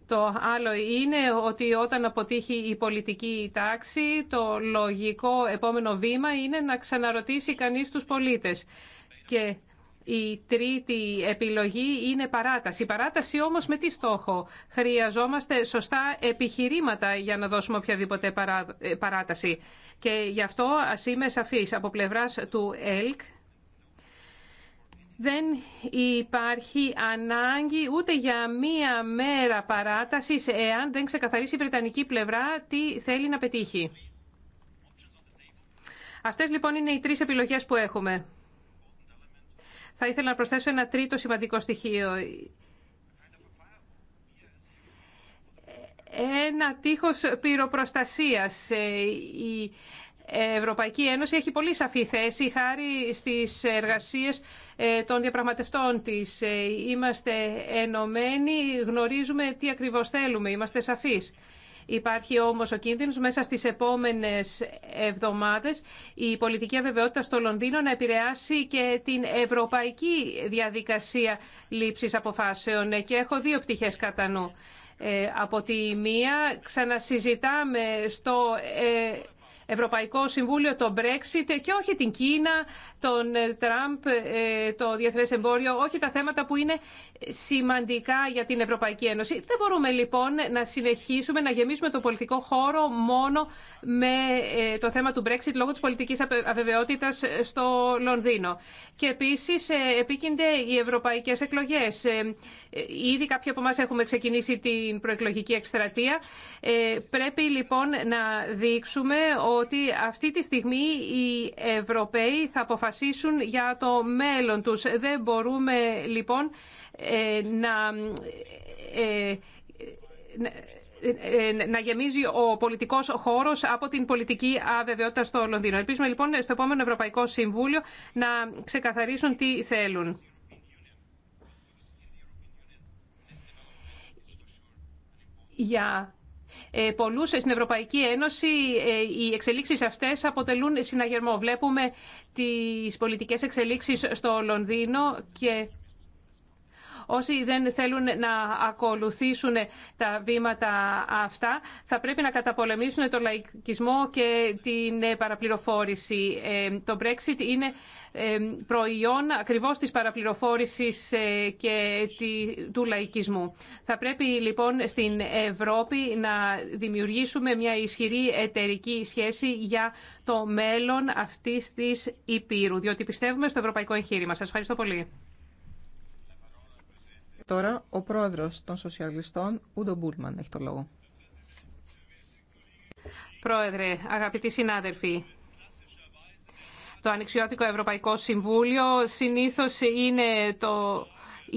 Το άλλο είναι ότι όταν αποτύχει η πολιτική τάξη, το λογικό επόμενο βήμα είναι να ξαναρωτήσει κανείς τους πολίτες. Και η τρίτη επιλογή είναι παράταση. Παράταση όμως με τι στόχο. Χρειαζόμαστε σωστά επιχειρήματα για να δώσουμε οποιαδήποτε ε, παράταση. Και γι' αυτό ας είμαι σαφής από πλευράς του ΕΛΚ. Δεν υπάρχει ανάγκη ούτε για μία μέρα παράτασης εάν δεν ξεκαθαρίσει η Βρετανική πλευρά τι θέλει να πετύχει. Αυτές λοιπόν είναι οι τρεις επιλογές που έχουμε. Θα ήθελα να προσθέσω ένα τρίτο σημαντικό στοιχείο. Ένα τείχος πυροπροστασίας. Ε, η Ευρωπαϊκή Ένωση έχει πολύ σαφή θέση χάρη στις εργασίες ε, των διαπραγματευτών της. Ε, είμαστε ενωμένοι, γνωρίζουμε τι ακριβώς θέλουμε, είμαστε σαφείς. Υπάρχει όμως ο κίνδυνο μέσα στις επόμενες εβδομάδες η πολιτική αβεβαιότητα στο Λονδίνο να επηρεάσει και την ευρωπαϊκή διαδικασία λήψη αποφάσεων ε, και έχω δύο πτυχέ κατά νου. Ε, από τη μία ξανασυζητάμε στο ε, Ευρωπαϊκό Συμβούλιο, το Brexit και όχι την Κίνα, τον ε, Τραμπ, ε, το διεθνές εμπόριο, όχι τα θέματα που είναι σημαντικά για την Ευρωπαϊκή Ένωση. Δεν μπορούμε λοιπόν να συνεχίσουμε να γεμίσουμε το πολιτικό χώρο μόνο με ε, το θέμα του Brexit λόγω της πολιτικής αβεβαιότητας στο Λονδίνο. Και επίσης επίκυνται οι ευρωπαϊκές εκλογές. Ήδη κάποιοι από εμά έχουμε ξεκινήσει την προεκλογική εκστρατεία. Πρέπει λοιπόν να δείξουμε ότι αυτή τη στιγμή οι Ευρωπαίοι θα αποφασίσουν για το μέλλον τους. Δεν μπορούμε λοιπόν ε, να ε, ε, να γεμίζει ο πολιτικό χώρο από την πολιτική αβεβαιότητα στο Λονδίνο. Ελπίζουμε λοιπόν στο επόμενο Ευρωπαϊκό Συμβούλιο να ξεκαθαρίσουν τι θέλουν. Για ε, πολλούς ε, στην Ευρωπαϊκή Ένωση ε, οι εξελίξεις αυτές αποτελούν συναγερμό. Βλέπουμε τις πολιτικές εξελίξεις στο Λονδίνο και Όσοι δεν θέλουν να ακολουθήσουν τα βήματα αυτά θα πρέπει να καταπολεμήσουν το λαϊκισμό και την ε, παραπληροφόρηση. Ε, το Brexit είναι ε, προϊόν ακριβώς της παραπληροφόρησης και του λαϊκισμού. Θα πρέπει λοιπόν στην Ευρώπη να δημιουργήσουμε μια ισχυρή εταιρική σχέση για το μέλλον αυτής της Υπήρου, διότι πιστεύουμε στο ευρωπαϊκό εγχείρημα. Σας ευχαριστώ πολύ τώρα ο πρόεδρος των σοσιαλιστών, Ούντο Μπούλμαν, έχει το λόγο. Πρόεδρε, αγαπητοί συνάδελφοι, το Ανοιξιώτικο Ευρωπαϊκό Συμβούλιο συνήθως είναι το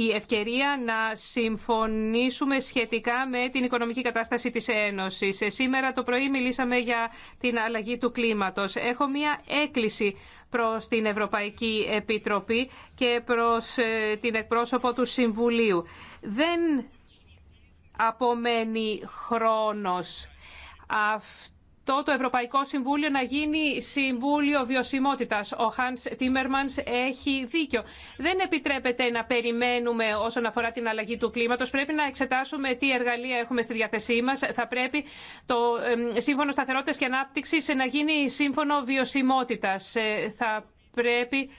η ευκαιρία να συμφωνήσουμε σχετικά με την οικονομική κατάσταση της Ένωσης. Σήμερα το πρωί μιλήσαμε για την αλλαγή του κλίματος. Έχω μία έκκληση προς την Ευρωπαϊκή Επιτροπή και προς ε, την εκπρόσωπο του Συμβουλίου. Δεν απομένει χρόνος το Ευρωπαϊκό Συμβούλιο να γίνει Συμβούλιο Βιωσιμότητα. Ο Χάν Τίμερμαν έχει δίκιο. Δεν επιτρέπεται να περιμένουμε όσον αφορά την αλλαγή του κλίματος. Πρέπει να εξετάσουμε τι εργαλεία έχουμε στη διάθεσή μας. Θα πρέπει το Σύμφωνο σταθερότητα και Ανάπτυξης να γίνει Σύμφωνο Βιωσιμότητα. Ε, θα πρέπει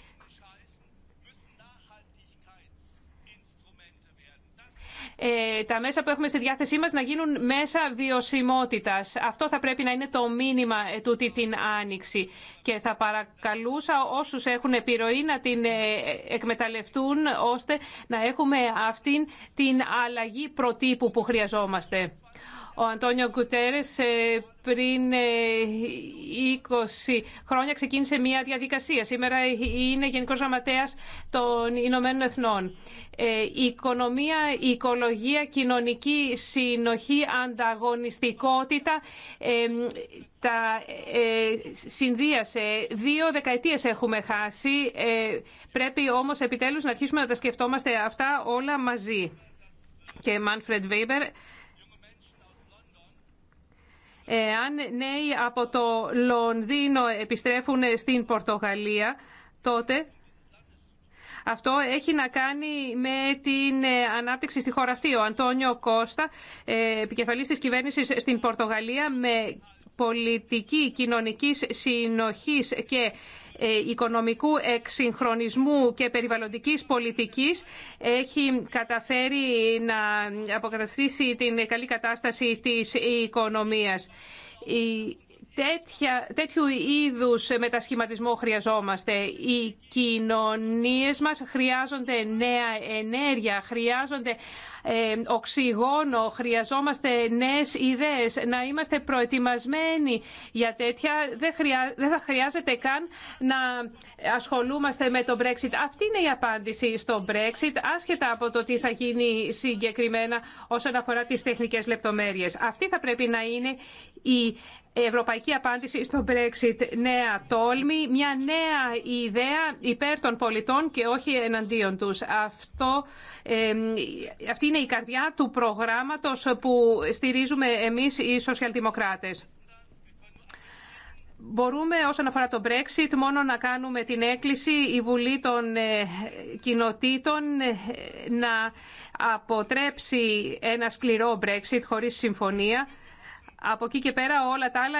Ε, τα μέσα που έχουμε στη διάθεσή μας να γίνουν μέσα βιωσιμότητα. Αυτό θα πρέπει να είναι το μήνυμα ε, τούτη την Άνοιξη. Και θα παρακαλούσα όσους έχουν επιρροή να την ε, εκμεταλλευτούν ώστε να έχουμε αυτήν την αλλαγή προτύπου που χρειαζόμαστε. Ο Αντώνιο Γκουτέρες ε, πριν 20 ε, χρόνια ξεκίνησε μια διαδικασία. Σήμερα είναι Γενικός Γραμματέας των Ηνωμένων Εθνών. Ε, η οικονομία, οικολογία, κοινωνική συνοχή, ανταγωνιστικότητα τα συνδύασε. Δύο δεκαετίες έχουμε χάσει. Πρέπει όμως επιτέλους να αρχίσουμε να τα σκεφτόμαστε αυτά όλα μαζί. Και Βέιμπερ Εάν νέοι από το Λονδίνο επιστρέφουν στην Πορτογαλία, τότε αυτό έχει να κάνει με την ε, ανάπτυξη στη χώρα αυτή. Ο Αντώνιο Κώστα, ε, επικεφαλής της κυβέρνησης στην Πορτογαλία, με πολιτική κοινωνικής συνοχής και ε, οικονομικού εξυγχρονισμού και περιβαλλοντικής πολιτικής έχει καταφέρει να αποκαταστήσει την καλή κατάσταση της οικονομίας τέτοια, τέτοιου είδους μετασχηματισμό χρειαζόμαστε. Οι κοινωνίες μας χρειάζονται νέα ενέργεια, χρειάζονται ε, οξυγόνο, χρειαζόμαστε νέες ιδέες, να είμαστε προετοιμασμένοι για τέτοια. Δεν, θα χρειάζεται καν να ασχολούμαστε με το Brexit. Αυτή είναι η απάντηση στο Brexit, άσχετα από το τι θα γίνει συγκεκριμένα όσον αφορά τις τεχνικές λεπτομέρειες. Αυτή θα πρέπει να είναι η ευρωπαϊκή απάντηση στο Brexit. Νέα τόλμη, μια νέα ιδέα υπέρ των πολιτών και όχι εναντίον τους. Αυτό, αυτή είναι η καρδιά του προγράμματος που στηρίζουμε εμείς οι σοσιαλδημοκράτες. Μπορούμε όσον αφορά το Brexit μόνο να κάνουμε την έκκληση η Βουλή των ε, Κοινοτήτων ε, να αποτρέψει ένα σκληρό Brexit χωρίς συμφωνία από εκεί και πέρα όλα τα άλλα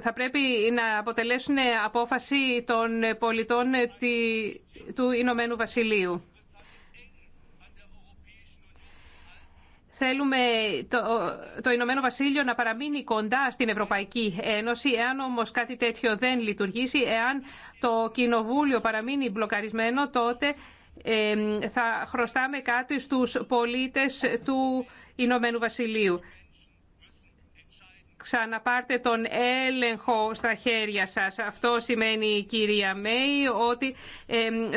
θα πρέπει να αποτελέσουν απόφαση των πολιτών του Ηνωμένου Βασιλείου. Θέλουμε το, το Ηνωμένο Βασίλειο να παραμείνει κοντά στην Ευρωπαϊκή Ένωση. Εάν όμως κάτι τέτοιο δεν λειτουργήσει, εάν το Κοινοβούλιο παραμείνει μπλοκαρισμένο, τότε θα χρωστάμε κάτι στους πολίτες του Ηνωμένου Βασιλείου ξαναπάρτε τον έλεγχο στα χέρια σας. Αυτό σημαίνει, η κυρία Μέη, ότι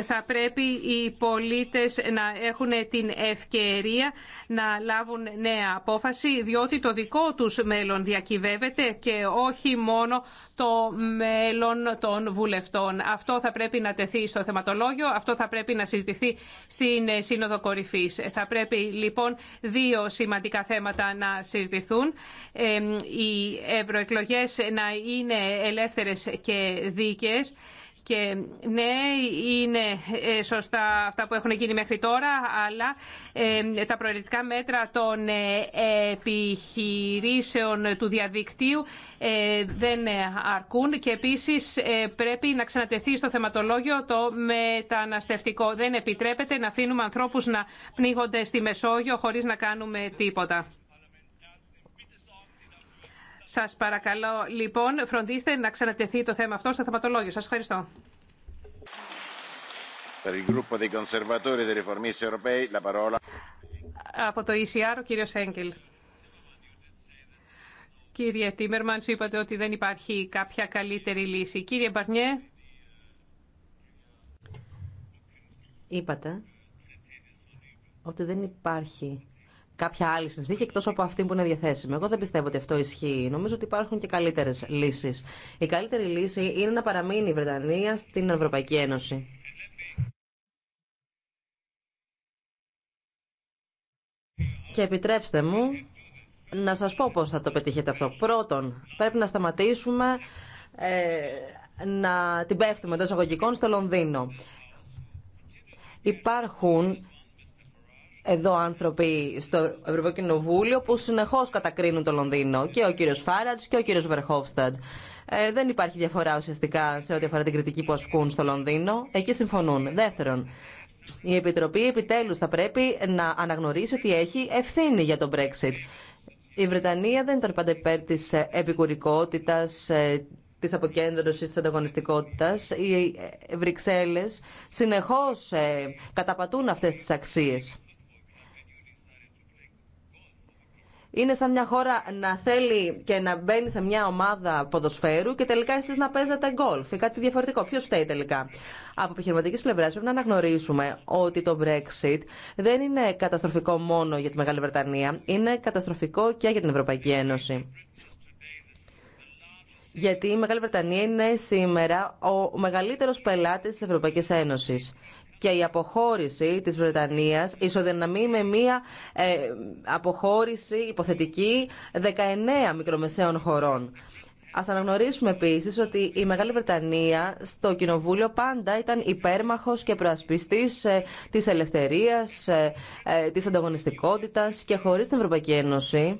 θα πρέπει οι πολίτες να έχουν την ευκαιρία να λάβουν νέα απόφαση, διότι το δικό τους μέλλον διακυβεύεται και όχι μόνο το μέλλον των βουλευτών. Αυτό θα πρέπει να τεθεί στο θεματολόγιο, αυτό θα πρέπει να συζητηθεί στην Σύνοδο Κορυφής. Θα πρέπει λοιπόν δύο σημαντικά θέματα να συζητηθούν. Ε, οι ευρωεκλογές να είναι ελεύθερες και δίκαιες και ναι, είναι ε, σωστά αυτά που έχουν γίνει μέχρι τώρα, αλλά ε, τα προαιρετικά μέτρα των ε, επιχειρήσεων του διαδικτύου δεν αρκούν και επίσης πρέπει να ξανατεθεί στο θεματολόγιο το μεταναστευτικό. Δεν επιτρέπεται να αφήνουμε ανθρώπους να πνίγονται στη Μεσόγειο χωρίς να κάνουμε τίποτα. Σα παρακαλώ, λοιπόν, φροντίστε να ξανατεθεί το θέμα αυτό στο θεματολόγιο. Σα ευχαριστώ. Από το ECR, ο κύριο Έγκελ. Κύριε σου είπατε ότι δεν υπάρχει κάποια καλύτερη λύση. Κύριε Μπαρνιέ. Είπατε ότι δεν υπάρχει κάποια άλλη συνθήκη εκτό από αυτή που είναι διαθέσιμη. Εγώ δεν πιστεύω ότι αυτό ισχύει. Νομίζω ότι υπάρχουν και καλύτερε λύσει. Η καλύτερη λύση είναι να παραμείνει η Βρετανία στην Ευρωπαϊκή Ένωση. Και επιτρέψτε μου να σας πω πώς θα το πετύχετε αυτό. Πρώτον, πρέπει να σταματήσουμε ε, να την πέφτουμε εντό αγωγικών στο Λονδίνο. Υπάρχουν εδώ άνθρωποι στο Ευρωπαϊκό Κοινοβούλιο που συνεχώ κατακρίνουν το Λονδίνο. Και ο κύριο Φάρατ και ο κύριο Βερχόφσταντ. δεν υπάρχει διαφορά ουσιαστικά σε ό,τι αφορά την κριτική που ασκούν στο Λονδίνο. Εκεί συμφωνούν. Δεύτερον, η Επιτροπή επιτέλου θα πρέπει να αναγνωρίσει ότι έχει ευθύνη για τον Brexit. Η Βρετανία δεν ήταν πάντα υπέρ τη ε, επικουρικότητα, ε, τη αποκέντρωση, τη ανταγωνιστικότητα. Οι ε, Βρυξέλλε συνεχώ καταπατούν αυτέ τι αξίε. Είναι σαν μια χώρα να θέλει και να μπαίνει σε μια ομάδα ποδοσφαίρου και τελικά εσεί να παίζετε γκολφ ή κάτι διαφορετικό. Ποιο φταίει τελικά. Από επιχειρηματική πλευρά πρέπει να αναγνωρίσουμε ότι το Brexit δεν είναι καταστροφικό μόνο για τη Μεγάλη Βρετανία, είναι καταστροφικό και για την Ευρωπαϊκή Ένωση. Γιατί η Μεγάλη Βρετανία είναι σήμερα ο μεγαλύτερος πελάτης της Ευρωπαϊκής Ένωσης και η αποχώρηση της Βρετανίας ισοδυναμεί με μία ε, αποχώρηση υποθετική 19 μικρομεσαίων χωρών. Α αναγνωρίσουμε επίση ότι η Μεγάλη Βρετανία στο Κοινοβούλιο πάντα ήταν υπέρμαχο και προασπιστή ε, τη ελευθερία, ε, τη ανταγωνιστικότητα και χωρί την Ευρωπαϊκή Ένωση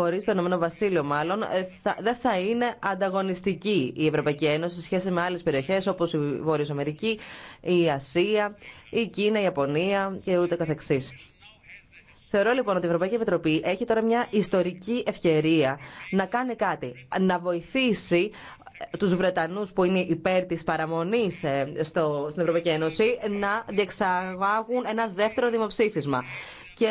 χωρίς το Ηνωμένο Βασίλειο μάλλον, ε, θα, δεν θα είναι ανταγωνιστική η Ευρωπαϊκή Ένωση σε σχέση με άλλες περιοχές όπως η Βόρειος Αμερική, η Ασία, η Κίνα, η Ιαπωνία και ούτε καθεξής. Θεωρώ λοιπόν ότι η Ευρωπαϊκή Επιτροπή έχει τώρα μια ιστορική ευκαιρία να κάνει κάτι, να βοηθήσει ε, τους Βρετανούς που είναι υπέρ της παραμονής ε, στο, στην Ευρωπαϊκή Ένωση να διεξαγάγουν ένα δεύτερο δημοψήφισμα. Και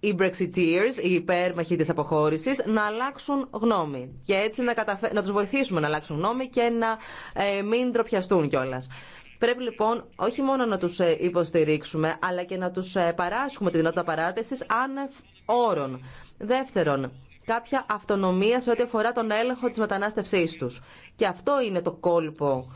οι Brexiteers, οι υπέρμαχοι της αποχώρησης, να αλλάξουν γνώμη. Και έτσι να, καταφε... να τους βοηθήσουμε να αλλάξουν γνώμη και να ε, μην ντροπιαστούν κιόλας. Πρέπει λοιπόν όχι μόνο να τους ε, υποστηρίξουμε, αλλά και να τους ε, παράσχουμε τη δυνατότητα παράτεσης, άνευ όρων. Δεύτερον, κάποια αυτονομία σε ό,τι αφορά τον έλεγχο της μετανάστευσής τους. Και αυτό είναι το κόλπο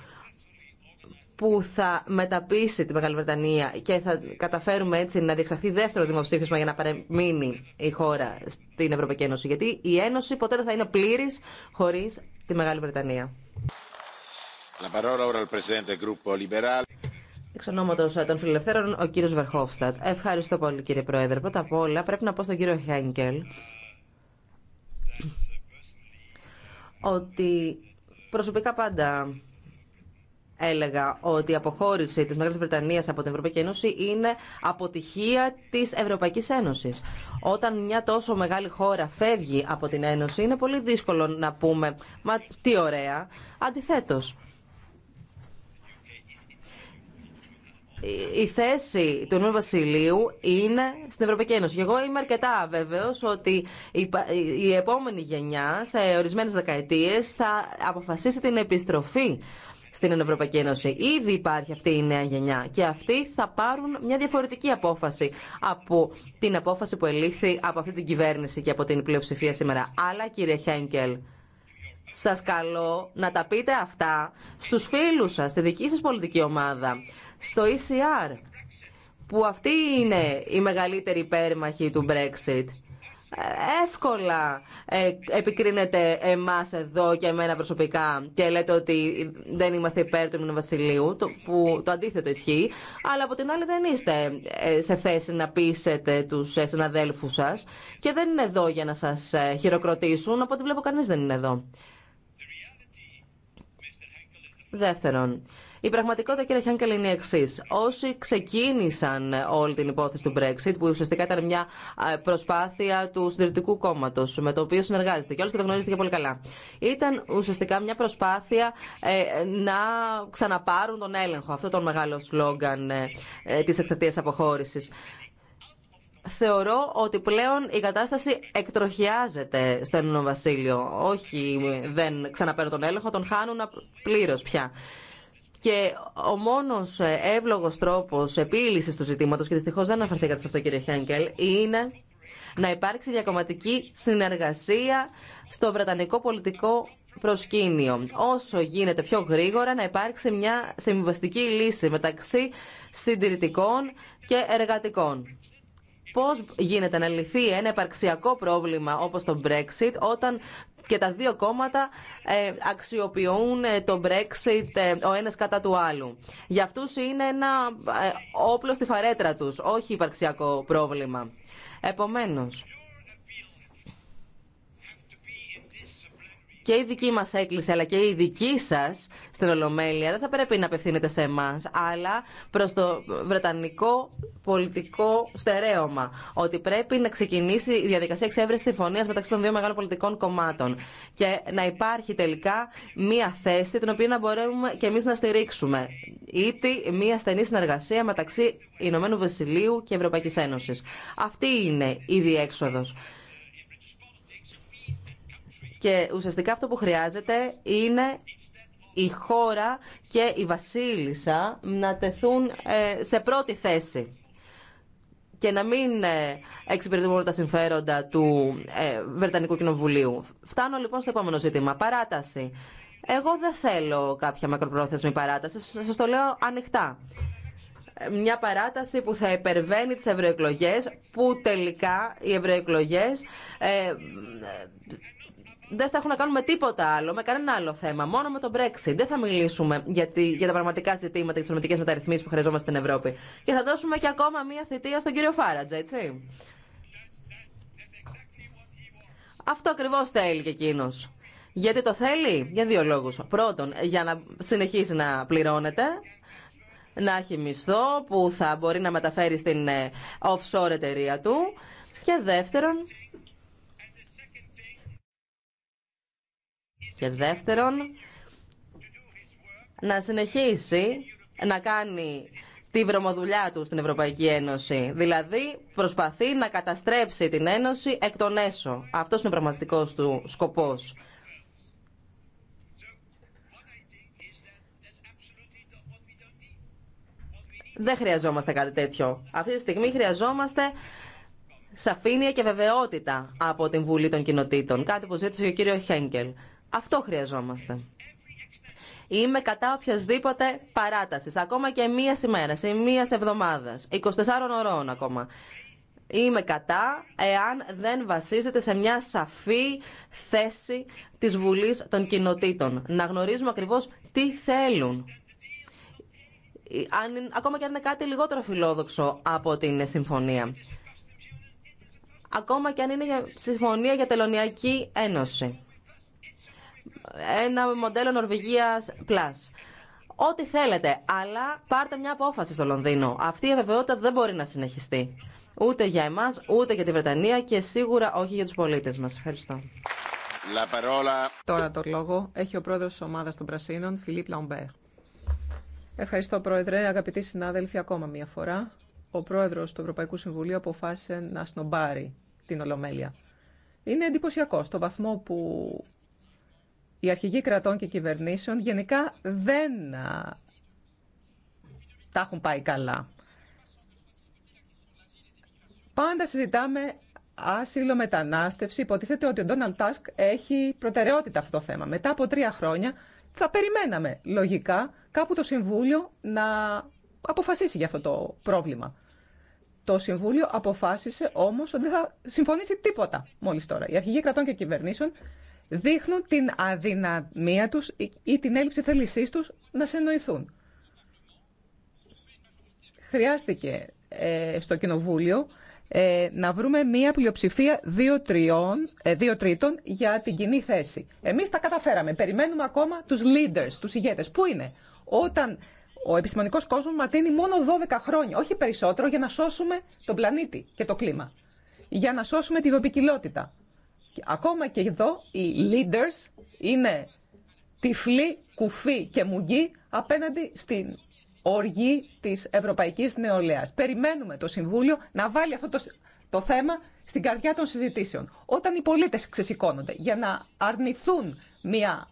που θα μεταπίσει τη Μεγάλη Βρετανία και θα καταφέρουμε έτσι να διεξαχθεί δεύτερο δημοψήφισμα για να παραμείνει η χώρα στην Ευρωπαϊκή Ένωση. Γιατί η Ένωση ποτέ δεν θα είναι πλήρη χωρί τη Μεγάλη Βρετανία. Εξ ονόματο των Φιλελευθέρων, ο κύριο Βερχόφστατ. Ευχαριστώ πολύ, κύριε Πρόεδρε. Πρώτα απ' όλα, πρέπει να πω στον κύριο Χένκελ ότι προσωπικά πάντα έλεγα ότι η αποχώρηση της Μεγάλης Βρετανίας από την Ευρωπαϊκή Ένωση είναι αποτυχία της Ευρωπαϊκής Ένωσης. Όταν μια τόσο μεγάλη χώρα φεύγει από την Ένωση είναι πολύ δύσκολο να πούμε «Μα τι ωραία». Αντιθέτως, η θέση του Ηνωμένου Βασιλείου είναι στην Ευρωπαϊκή Ένωση. Και εγώ είμαι αρκετά βέβαιο ότι η επόμενη γενιά σε ορισμένε δεκαετίε θα αποφασίσει την επιστροφή στην Ευρωπαϊκή Ένωση. Ήδη υπάρχει αυτή η νέα γενιά και αυτοί θα πάρουν μια διαφορετική απόφαση από την απόφαση που ελήφθη από αυτή την κυβέρνηση και από την πλειοψηφία σήμερα. Αλλά κύριε Χένκελ, σας καλώ να τα πείτε αυτά στους φίλους σας, στη δική σας πολιτική ομάδα, στο ECR, που αυτή είναι η μεγαλύτερη υπέρμαχη του Brexit εύκολα ε, επικρίνετε εμάς εδώ και εμένα προσωπικά και λέτε ότι δεν είμαστε υπέρ του Βασιλείου, το, που το αντίθετο ισχύει, αλλά από την άλλη δεν είστε ε, σε θέση να πείσετε τους ε, συναδέλφους σας και δεν είναι εδώ για να σας χειροκροτήσουν, από ό,τι βλέπω κανείς δεν είναι εδώ. Δεύτερον, η πραγματικότητα, κύριε Χιάνκελ, είναι η εξή. Όσοι ξεκίνησαν όλη την υπόθεση του Brexit, που ουσιαστικά ήταν μια προσπάθεια του Συντηρητικού Κόμματο, με το οποίο συνεργάζεται και όλοι και το γνωρίζετε και πολύ καλά, ήταν ουσιαστικά μια προσπάθεια ε, να ξαναπάρουν τον έλεγχο. Αυτό τον μεγάλο σλόγγαν ε, ε, τη εξαρτία αποχώρηση θεωρώ ότι πλέον η κατάσταση εκτροχιάζεται στο Ενωνο Βασίλειο. Όχι, δεν ξαναπαίρνω τον έλεγχο, τον χάνουν πλήρω πια. Και ο μόνος εύλογο τρόπος επίλυσης του ζητήματο, και δυστυχώ δεν αναφερθήκατε σε αυτό κύριε Χένκελ, είναι να υπάρξει διακομματική συνεργασία στο βρετανικό πολιτικό προσκήνιο. Όσο γίνεται πιο γρήγορα να υπάρξει μια συμβαστική λύση μεταξύ συντηρητικών και εργατικών. Πώς γίνεται να λυθεί ένα επαρξιακό πρόβλημα όπως το Brexit όταν και τα δύο κόμματα ε, αξιοποιούν ε, το Brexit ε, ο ένας κατά του άλλου. Για αυτούς είναι ένα όπλο στη φαρέτρα τους, όχι υπαρξιακό πρόβλημα. Επομένως, και η δική μας έκκληση αλλά και η δική σας στην Ολομέλεια δεν θα πρέπει να απευθύνεται σε εμά, αλλά προς το βρετανικό πολιτικό στερέωμα ότι πρέπει να ξεκινήσει η διαδικασία εξέβρεση συμφωνίας μεταξύ των δύο μεγάλων πολιτικών κομμάτων και να υπάρχει τελικά μία θέση την οποία να μπορούμε και εμείς να στηρίξουμε ή μία στενή συνεργασία μεταξύ Ηνωμένου Βασιλείου και Ευρωπαϊκής Ένωσης. Αυτή είναι Ήτη διέξοδος. Και ουσιαστικά αυτό που χρειάζεται είναι η χώρα και η βασίλισσα να τεθούν ε, σε πρώτη θέση και να μην ε, εξυπηρετούν όλα τα συμφέροντα του ε, Βρετανικού Κοινοβουλίου. Φτάνω λοιπόν στο επόμενο ζήτημα. Παράταση. Εγώ δεν θέλω κάποια μακροπρόθεσμη παράταση. Σας το λέω ανοιχτά. Μια παράταση που θα υπερβαίνει τις ευρωεκλογέ, που τελικά οι ευρωεκλογέ δεν θα έχουν να κάνουν με τίποτα άλλο, με κανένα άλλο θέμα. Μόνο με το Brexit. Δεν θα μιλήσουμε για, για τα πραγματικά ζητήματα και τι πραγματικέ μεταρρυθμίσει που χρειαζόμαστε στην Ευρώπη. Και θα δώσουμε και ακόμα μία θητεία στον κύριο Φάρατζα, έτσι. Αυτό ακριβώ θέλει και εκείνο. Γιατί το θέλει, για δύο λόγου. Πρώτον, για να συνεχίσει να πληρώνεται, να έχει μισθό που θα μπορεί να μεταφέρει στην ε, offshore εταιρεία του. Και δεύτερον, Και δεύτερον, να συνεχίσει να κάνει τη βρωμοδουλειά του στην Ευρωπαϊκή Ένωση. Δηλαδή, προσπαθεί να καταστρέψει την Ένωση εκ των έσω. Αυτό είναι ο πραγματικό του σκοπός. Δεν χρειαζόμαστε κάτι τέτοιο. Αυτή τη στιγμή χρειαζόμαστε σαφήνεια και βεβαιότητα από την Βουλή των Κοινοτήτων. Κάτι που ζήτησε ο κύριο Χένκελ. Αυτό χρειαζόμαστε. Είμαι κατά οποιασδήποτε παράταση, ακόμα και μία ημέρα ή μία εβδομάδα, 24 ωρών ακόμα. Είμαι κατά εάν δεν βασίζεται σε μια σαφή θέση της Βουλής των Κοινοτήτων. Να γνωρίζουμε ακριβώς τι θέλουν. Αν, ακόμα και αν είναι κάτι λιγότερο φιλόδοξο από την συμφωνία. Ακόμα και αν είναι συμφωνία για τελωνιακή ένωση ένα μοντέλο Νορβηγία Plus. Ό,τι θέλετε, αλλά πάρτε μια απόφαση στο Λονδίνο. Αυτή η αβεβαιότητα δεν μπορεί να συνεχιστεί. Ούτε για εμά ούτε για τη Βρετανία και σίγουρα όχι για του πολίτε μα. Ευχαριστώ. Τώρα το λόγο έχει ο πρόεδρο τη ομάδα των Πρασίνων, Φιλίπ Λαμπέρ. Ευχαριστώ πρόεδρε, αγαπητοί συνάδελφοι, ακόμα μια φορά. Ο πρόεδρο του Ευρωπαϊκού Συμβουλίου αποφάσισε να σνομπάρει την Ολομέλεια. Είναι εντυπωσιακό στο βαθμό που οι αρχηγοί κρατών και κυβερνήσεων γενικά δεν τα έχουν πάει καλά. Πάντα συζητάμε άσυλο, μετανάστευση. Υποτίθεται ότι ο Ντόναλτ Τάσκ έχει προτεραιότητα αυτό το θέμα. Μετά από τρία χρόνια θα περιμέναμε λογικά κάπου το Συμβούλιο να αποφασίσει για αυτό το πρόβλημα. Το Συμβούλιο αποφάσισε όμως ότι δεν θα συμφωνήσει τίποτα μόλις τώρα. Οι αρχηγοί κρατών και κυβερνήσεων δείχνουν την αδυναμία τους ή την έλλειψη θέλησής τους να συνοηθούν. Χρειάστηκε ε, στο Κοινοβούλιο ε, να βρούμε μία πλειοψηφία δύο, τριών, ε, δύο τρίτων για την κοινή θέση. Εμείς τα καταφέραμε. Περιμένουμε ακόμα τους leaders, τους ηγέτες. Πού είναι όταν ο επιστημονικός κόσμος ματίνει μόνο 12 χρόνια, όχι περισσότερο, για να σώσουμε τον πλανήτη και το κλίμα. Για να σώσουμε τη βιοπικιλότητα. Ακόμα και εδώ οι leaders είναι τυφλοί, κουφοί και μουγγοί απέναντι στην οργή της Ευρωπαϊκής Νεολαίας. Περιμένουμε το Συμβούλιο να βάλει αυτό το, θέμα στην καρδιά των συζητήσεων. Όταν οι πολίτες ξεσηκώνονται για να αρνηθούν μια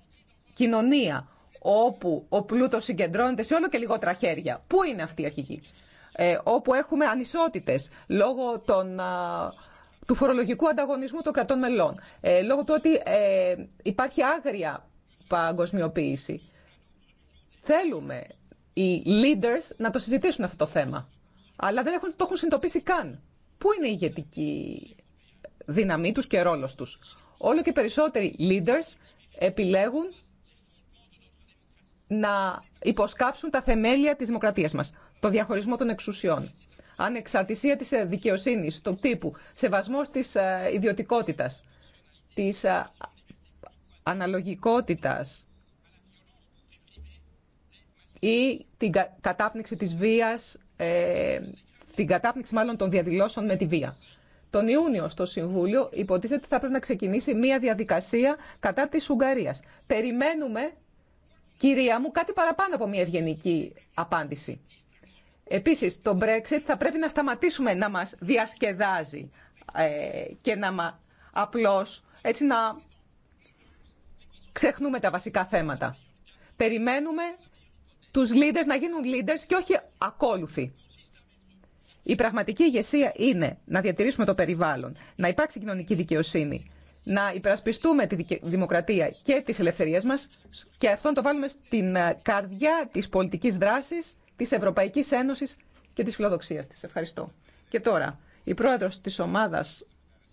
κοινωνία όπου ο πλούτος συγκεντρώνεται σε όλο και λιγότερα χέρια, πού είναι αυτή η αρχική, ε, όπου έχουμε ανισότητες λόγω των του φορολογικού ανταγωνισμού των κρατών μελών. Ε, λόγω του ότι ε, υπάρχει άγρια παγκοσμιοποίηση. Θέλουμε οι leaders να το συζητήσουν αυτό το θέμα. Αλλά δεν έχουν, το έχουν συνειδητοποιήσει καν. Πού είναι η ηγετική δύναμή τους και ρόλος τους. Όλο και περισσότεροι leaders επιλέγουν να υποσκάψουν τα θεμέλια της δημοκρατίας μας. Το διαχωρισμό των εξουσιών ανεξαρτησία της ε, δικαιοσύνης, του τύπου, σεβασμός της ε, ιδιωτικότητας, της ε, αναλογικότητας ή την κατάπνιξη της βίας, την κατάπνιξη μάλλον των διαδηλώσεων με τη βία. Τον Ιούνιο στο Συμβούλιο υποτίθεται θα πρέπει να ξεκινήσει μία διαδικασία κατά της Ουγγαρίας. Περιμένουμε, κυρία μου, κάτι παραπάνω από μία ευγενική απάντηση. Επίσης, το Brexit θα πρέπει να σταματήσουμε να μας διασκεδάζει ε, και να απλώς έτσι να ξεχνούμε τα βασικά θέματα. Περιμένουμε τους leaders να γίνουν leaders και όχι ακόλουθοι. Η πραγματική ηγεσία είναι να διατηρήσουμε το περιβάλλον, να υπάρξει κοινωνική δικαιοσύνη, να υπερασπιστούμε τη δημοκρατία και τις ελευθερίες μας και να το βάλουμε στην ε, καρδιά της πολιτικής δράσης της Ευρωπαϊκής Ένωση και της φιλοδοξία. Τη. Ευχαριστώ. Και τώρα, η πρόεδρος της ομάδας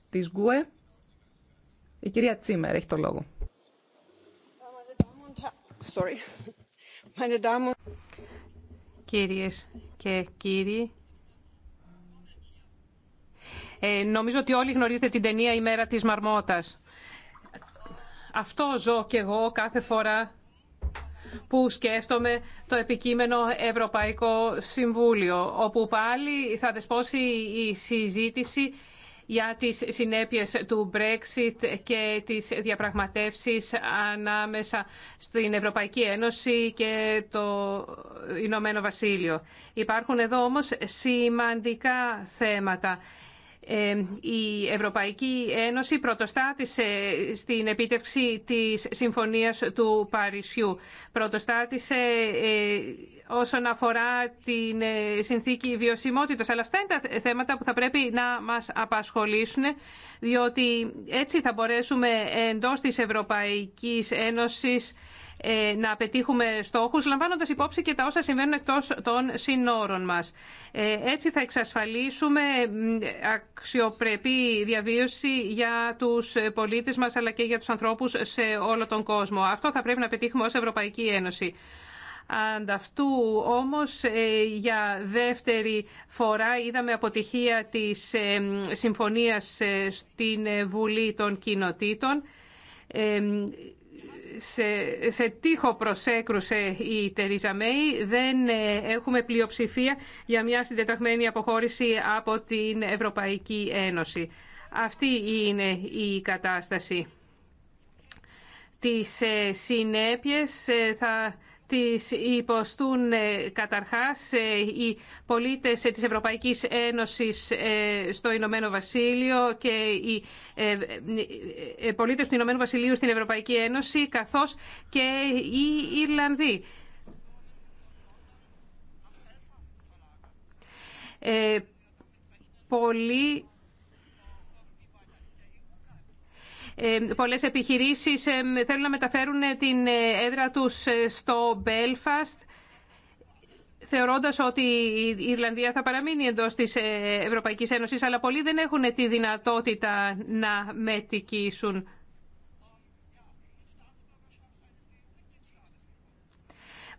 της ΓΚΟΕ, η κυρία Τσίμερ, έχει το λόγο. Κυρίες και κύριοι, ε, νομίζω ότι όλοι γνωρίζετε την ταινία «Η μέρα της Μαρμότας». Αυτό ζω κι εγώ κάθε φορά που σκέφτομαι το επικείμενο Ευρωπαϊκό Συμβούλιο, όπου πάλι θα δεσπόσει η συζήτηση για τις συνέπειες του Brexit και τις διαπραγματεύσεις ανάμεσα στην Ευρωπαϊκή Ένωση και το Ηνωμένο Βασίλειο. Υπάρχουν εδώ όμως σημαντικά θέματα η Ευρωπαϊκή Ένωση πρωτοστάτησε στην επίτευξη της Συμφωνίας του Παρισιού. Πρωτοστάτησε ε, όσον αφορά την ε, συνθήκη βιωσιμότητας. Αλλά αυτά είναι τα θέματα που θα πρέπει να μας απασχολήσουν, διότι έτσι θα μπορέσουμε εντός της Ευρωπαϊκής Ένωσης ε, να πετύχουμε στόχους, λαμβάνοντας υπόψη και τα όσα συμβαίνουν εκτός των συνόρων μας. Ε, έτσι θα εξασφαλίσουμε αξιοπρεπή διαβίωση για τους πολίτες μας, αλλά και για τους ανθρώπους σε όλο τον κόσμο. Αυτό θα πρέπει να πετύχουμε ως Ευρωπαϊκή Ένωση. Ανταυτού όμως ε, για δεύτερη φορά είδαμε αποτυχία της συμφωνίας στην Βουλή των Κοινοτήτων σε, σε τείχο προσέκρουσε η Τερίζα Μέη. Δεν ε, έχουμε πλειοψηφία για μια συντεταγμένη αποχώρηση από την Ευρωπαϊκή Ένωση. Αυτή είναι η κατάσταση. Τις ε, συνέπειες ε, θα τις υποστούν ε, καταρχάς ε, οι πολίτες ε, της Ευρωπαϊκής Ένωσης στο Ηνωμένο Βασίλειο και οι πολίτες του Ηνωμένου Βασιλείου στην Ευρωπαϊκή Ένωση καθώς και οι Ιρλανδοί. Πολύ... πολλές επιχειρήσεις θέλουν να μεταφέρουν ε, την ε, έδρα τους ε, στο Belfast θεωρώντας ότι η Ιρλανδία θα παραμείνει εντός της Ευρωπαϊκής Ένωσης, αλλά πολλοί δεν έχουν τη δυνατότητα να μετικήσουν.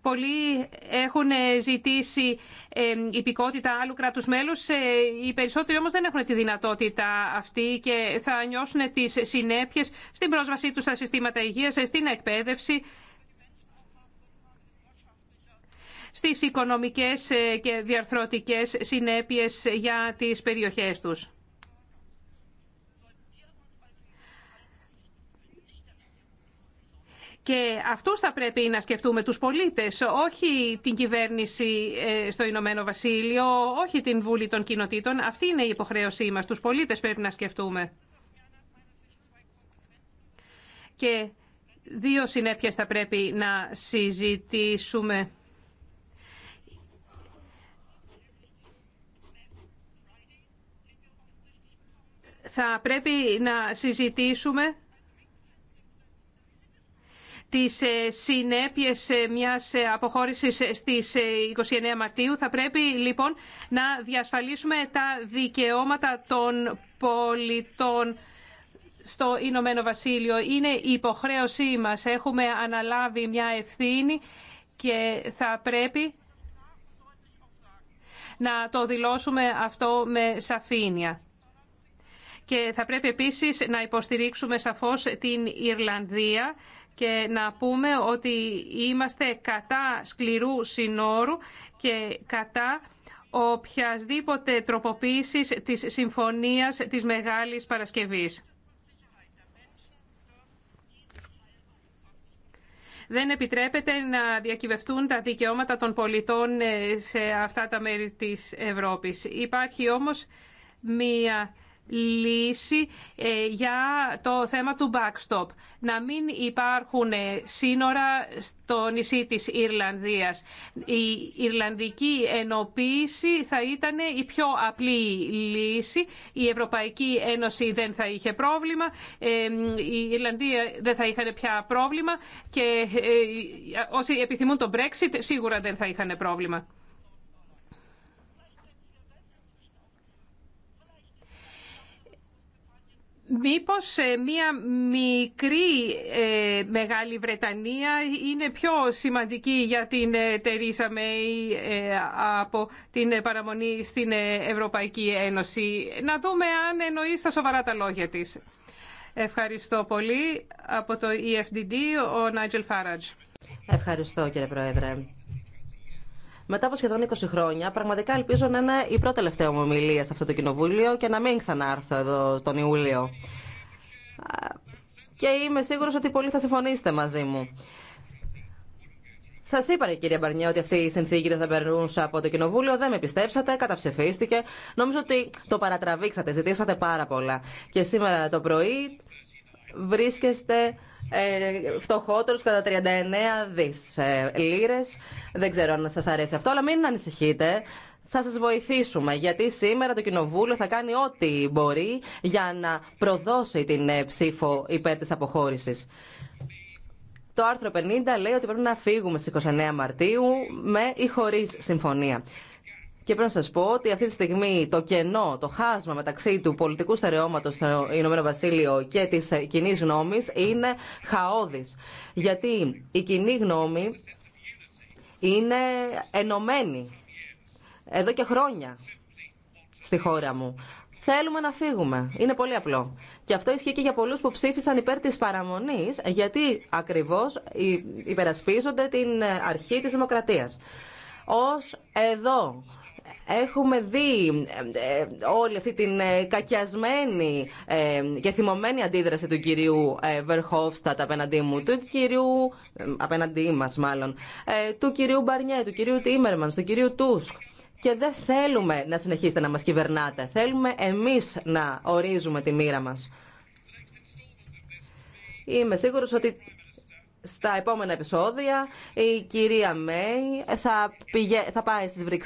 Πολλοί έχουν ζητήσει ε, υπηκότητα άλλου κράτους μέλους. Ε, οι περισσότεροι όμως δεν έχουν τη δυνατότητα αυτή και θα νιώσουν τις συνέπειες στην πρόσβασή τους στα συστήματα υγείας, ε, στην εκπαίδευση, στις οικονομικές και διαρθρωτικές συνέπειες για τις περιοχές τους. Και αυτού θα πρέπει να σκεφτούμε, τους πολίτες, όχι την κυβέρνηση ε, στο Ηνωμένο Βασίλειο, όχι την Βούλη των Κοινοτήτων. Αυτή είναι η υποχρέωσή μας. Τους πολίτες πρέπει να σκεφτούμε. Και δύο συνέπειες θα πρέπει να συζητήσουμε. Θα πρέπει να συζητήσουμε τις ε, συνέπειες ε, μιας ε, αποχώρησης στις 29 Μαρτίου. Θα πρέπει λοιπόν να διασφαλίσουμε τα δικαιώματα των πολιτών στο Ηνωμένο Βασίλειο. Είναι η υποχρέωσή μας. Έχουμε αναλάβει μια ευθύνη και θα πρέπει να το δηλώσουμε αυτό με σαφήνεια. Και θα πρέπει επίσης να υποστηρίξουμε σαφώς την Ιρλανδία και να πούμε ότι είμαστε κατά σκληρού συνόρου και κατά οποιασδήποτε τροποποίησης της Συμφωνίας της Μεγάλης Παρασκευής. Δεν επιτρέπεται να διακυβευτούν τα δικαιώματα των πολιτών ε, σε αυτά τα μέρη της Ευρώπης. Υπάρχει όμως μία λύση ε, για το θέμα του backstop. Να μην υπάρχουν ε, σύνορα στο νησί της Ιρλανδίας. Η Ιρλανδική ενοποίηση θα ήταν η πιο απλή λύση. Η Ευρωπαϊκή Ένωση δεν θα είχε πρόβλημα. Ε, η Ιρλανδία δεν θα είχαν πια πρόβλημα. Και όσοι επιθυμούν το Brexit σίγουρα δεν θα είχαν πρόβλημα. Μήπως ε, μία μικρή ε, Μεγάλη Βρετανία είναι πιο σημαντική για την ε, Τερίσα Μέη ε, από την παραμονή στην Ευρωπαϊκή Ένωση. Να δούμε αν εννοεί στα σοβαρά τα λόγια της. Ευχαριστώ πολύ. Από το EFDD ο Νάιτζελ Φάρατζ. Ευχαριστώ κύριε Πρόεδρε. Μετά από σχεδόν 20 χρόνια, πραγματικά ελπίζω να είναι η πρώτη τελευταία μου ομιλία σε αυτό το κοινοβούλιο και να μην ξανάρθω εδώ τον Ιούλιο. Και είμαι σίγουρος ότι πολλοί θα συμφωνήσετε μαζί μου. Σα είπα, κυρία Μπαρνιέ, ότι αυτή η συνθήκη δεν θα περνούσε από το Κοινοβούλιο. Δεν με πιστέψατε, καταψηφίστηκε. Νομίζω ότι το παρατραβήξατε, ζητήσατε πάρα πολλά. Και σήμερα το πρωί βρίσκεστε ε, φτωχότερους κατά 39 δις ε, λίρες. Δεν ξέρω αν σας αρέσει αυτό, αλλά μην ανησυχείτε. Θα σας βοηθήσουμε, γιατί σήμερα το Κοινοβούλιο θα κάνει ό,τι μπορεί για να προδώσει την ε, ψήφο υπέρ της αποχώρησης. Το άρθρο 50 λέει ότι πρέπει να φύγουμε στις 29 Μαρτίου με ή χωρίς συμφωνία. Και πρέπει να σα πω ότι αυτή τη στιγμή το κενό, το χάσμα μεταξύ του πολιτικού στερεώματο στο Ηνωμένο Βασίλειο και τη κοινή γνώμη είναι χαόδη. Γιατί η κοινή γνώμη είναι ενωμένη εδώ και χρόνια στη χώρα μου. Θέλουμε να φύγουμε. Είναι πολύ απλό. Και αυτό ισχύει και για πολλούς που ψήφισαν υπέρ της παραμονής, γιατί ακριβώς υπερασπίζονται την αρχή της δημοκρατίας. Ως εδώ Έχουμε δει ε, ε, όλη αυτή την ε, κακιασμένη και θυμωμένη αντίδραση του κυρίου Βερχόφστατ απέναντί μου, του κυρίου, απέναντί μας μάλλον, του κυρίου Μπαρνιέ, του κυρίου Τίμερμαν, του κυρίου Τούσκ. Και δεν θέλουμε να συνεχίσετε να μας κυβερνάτε. Θέλουμε εμείς να ορίζουμε τη μοίρα μας. Είμαι σίγουρος ότι στα επόμενα επεισόδια η κυρία Μέη θα, θα πάει στις Βρυξέλλες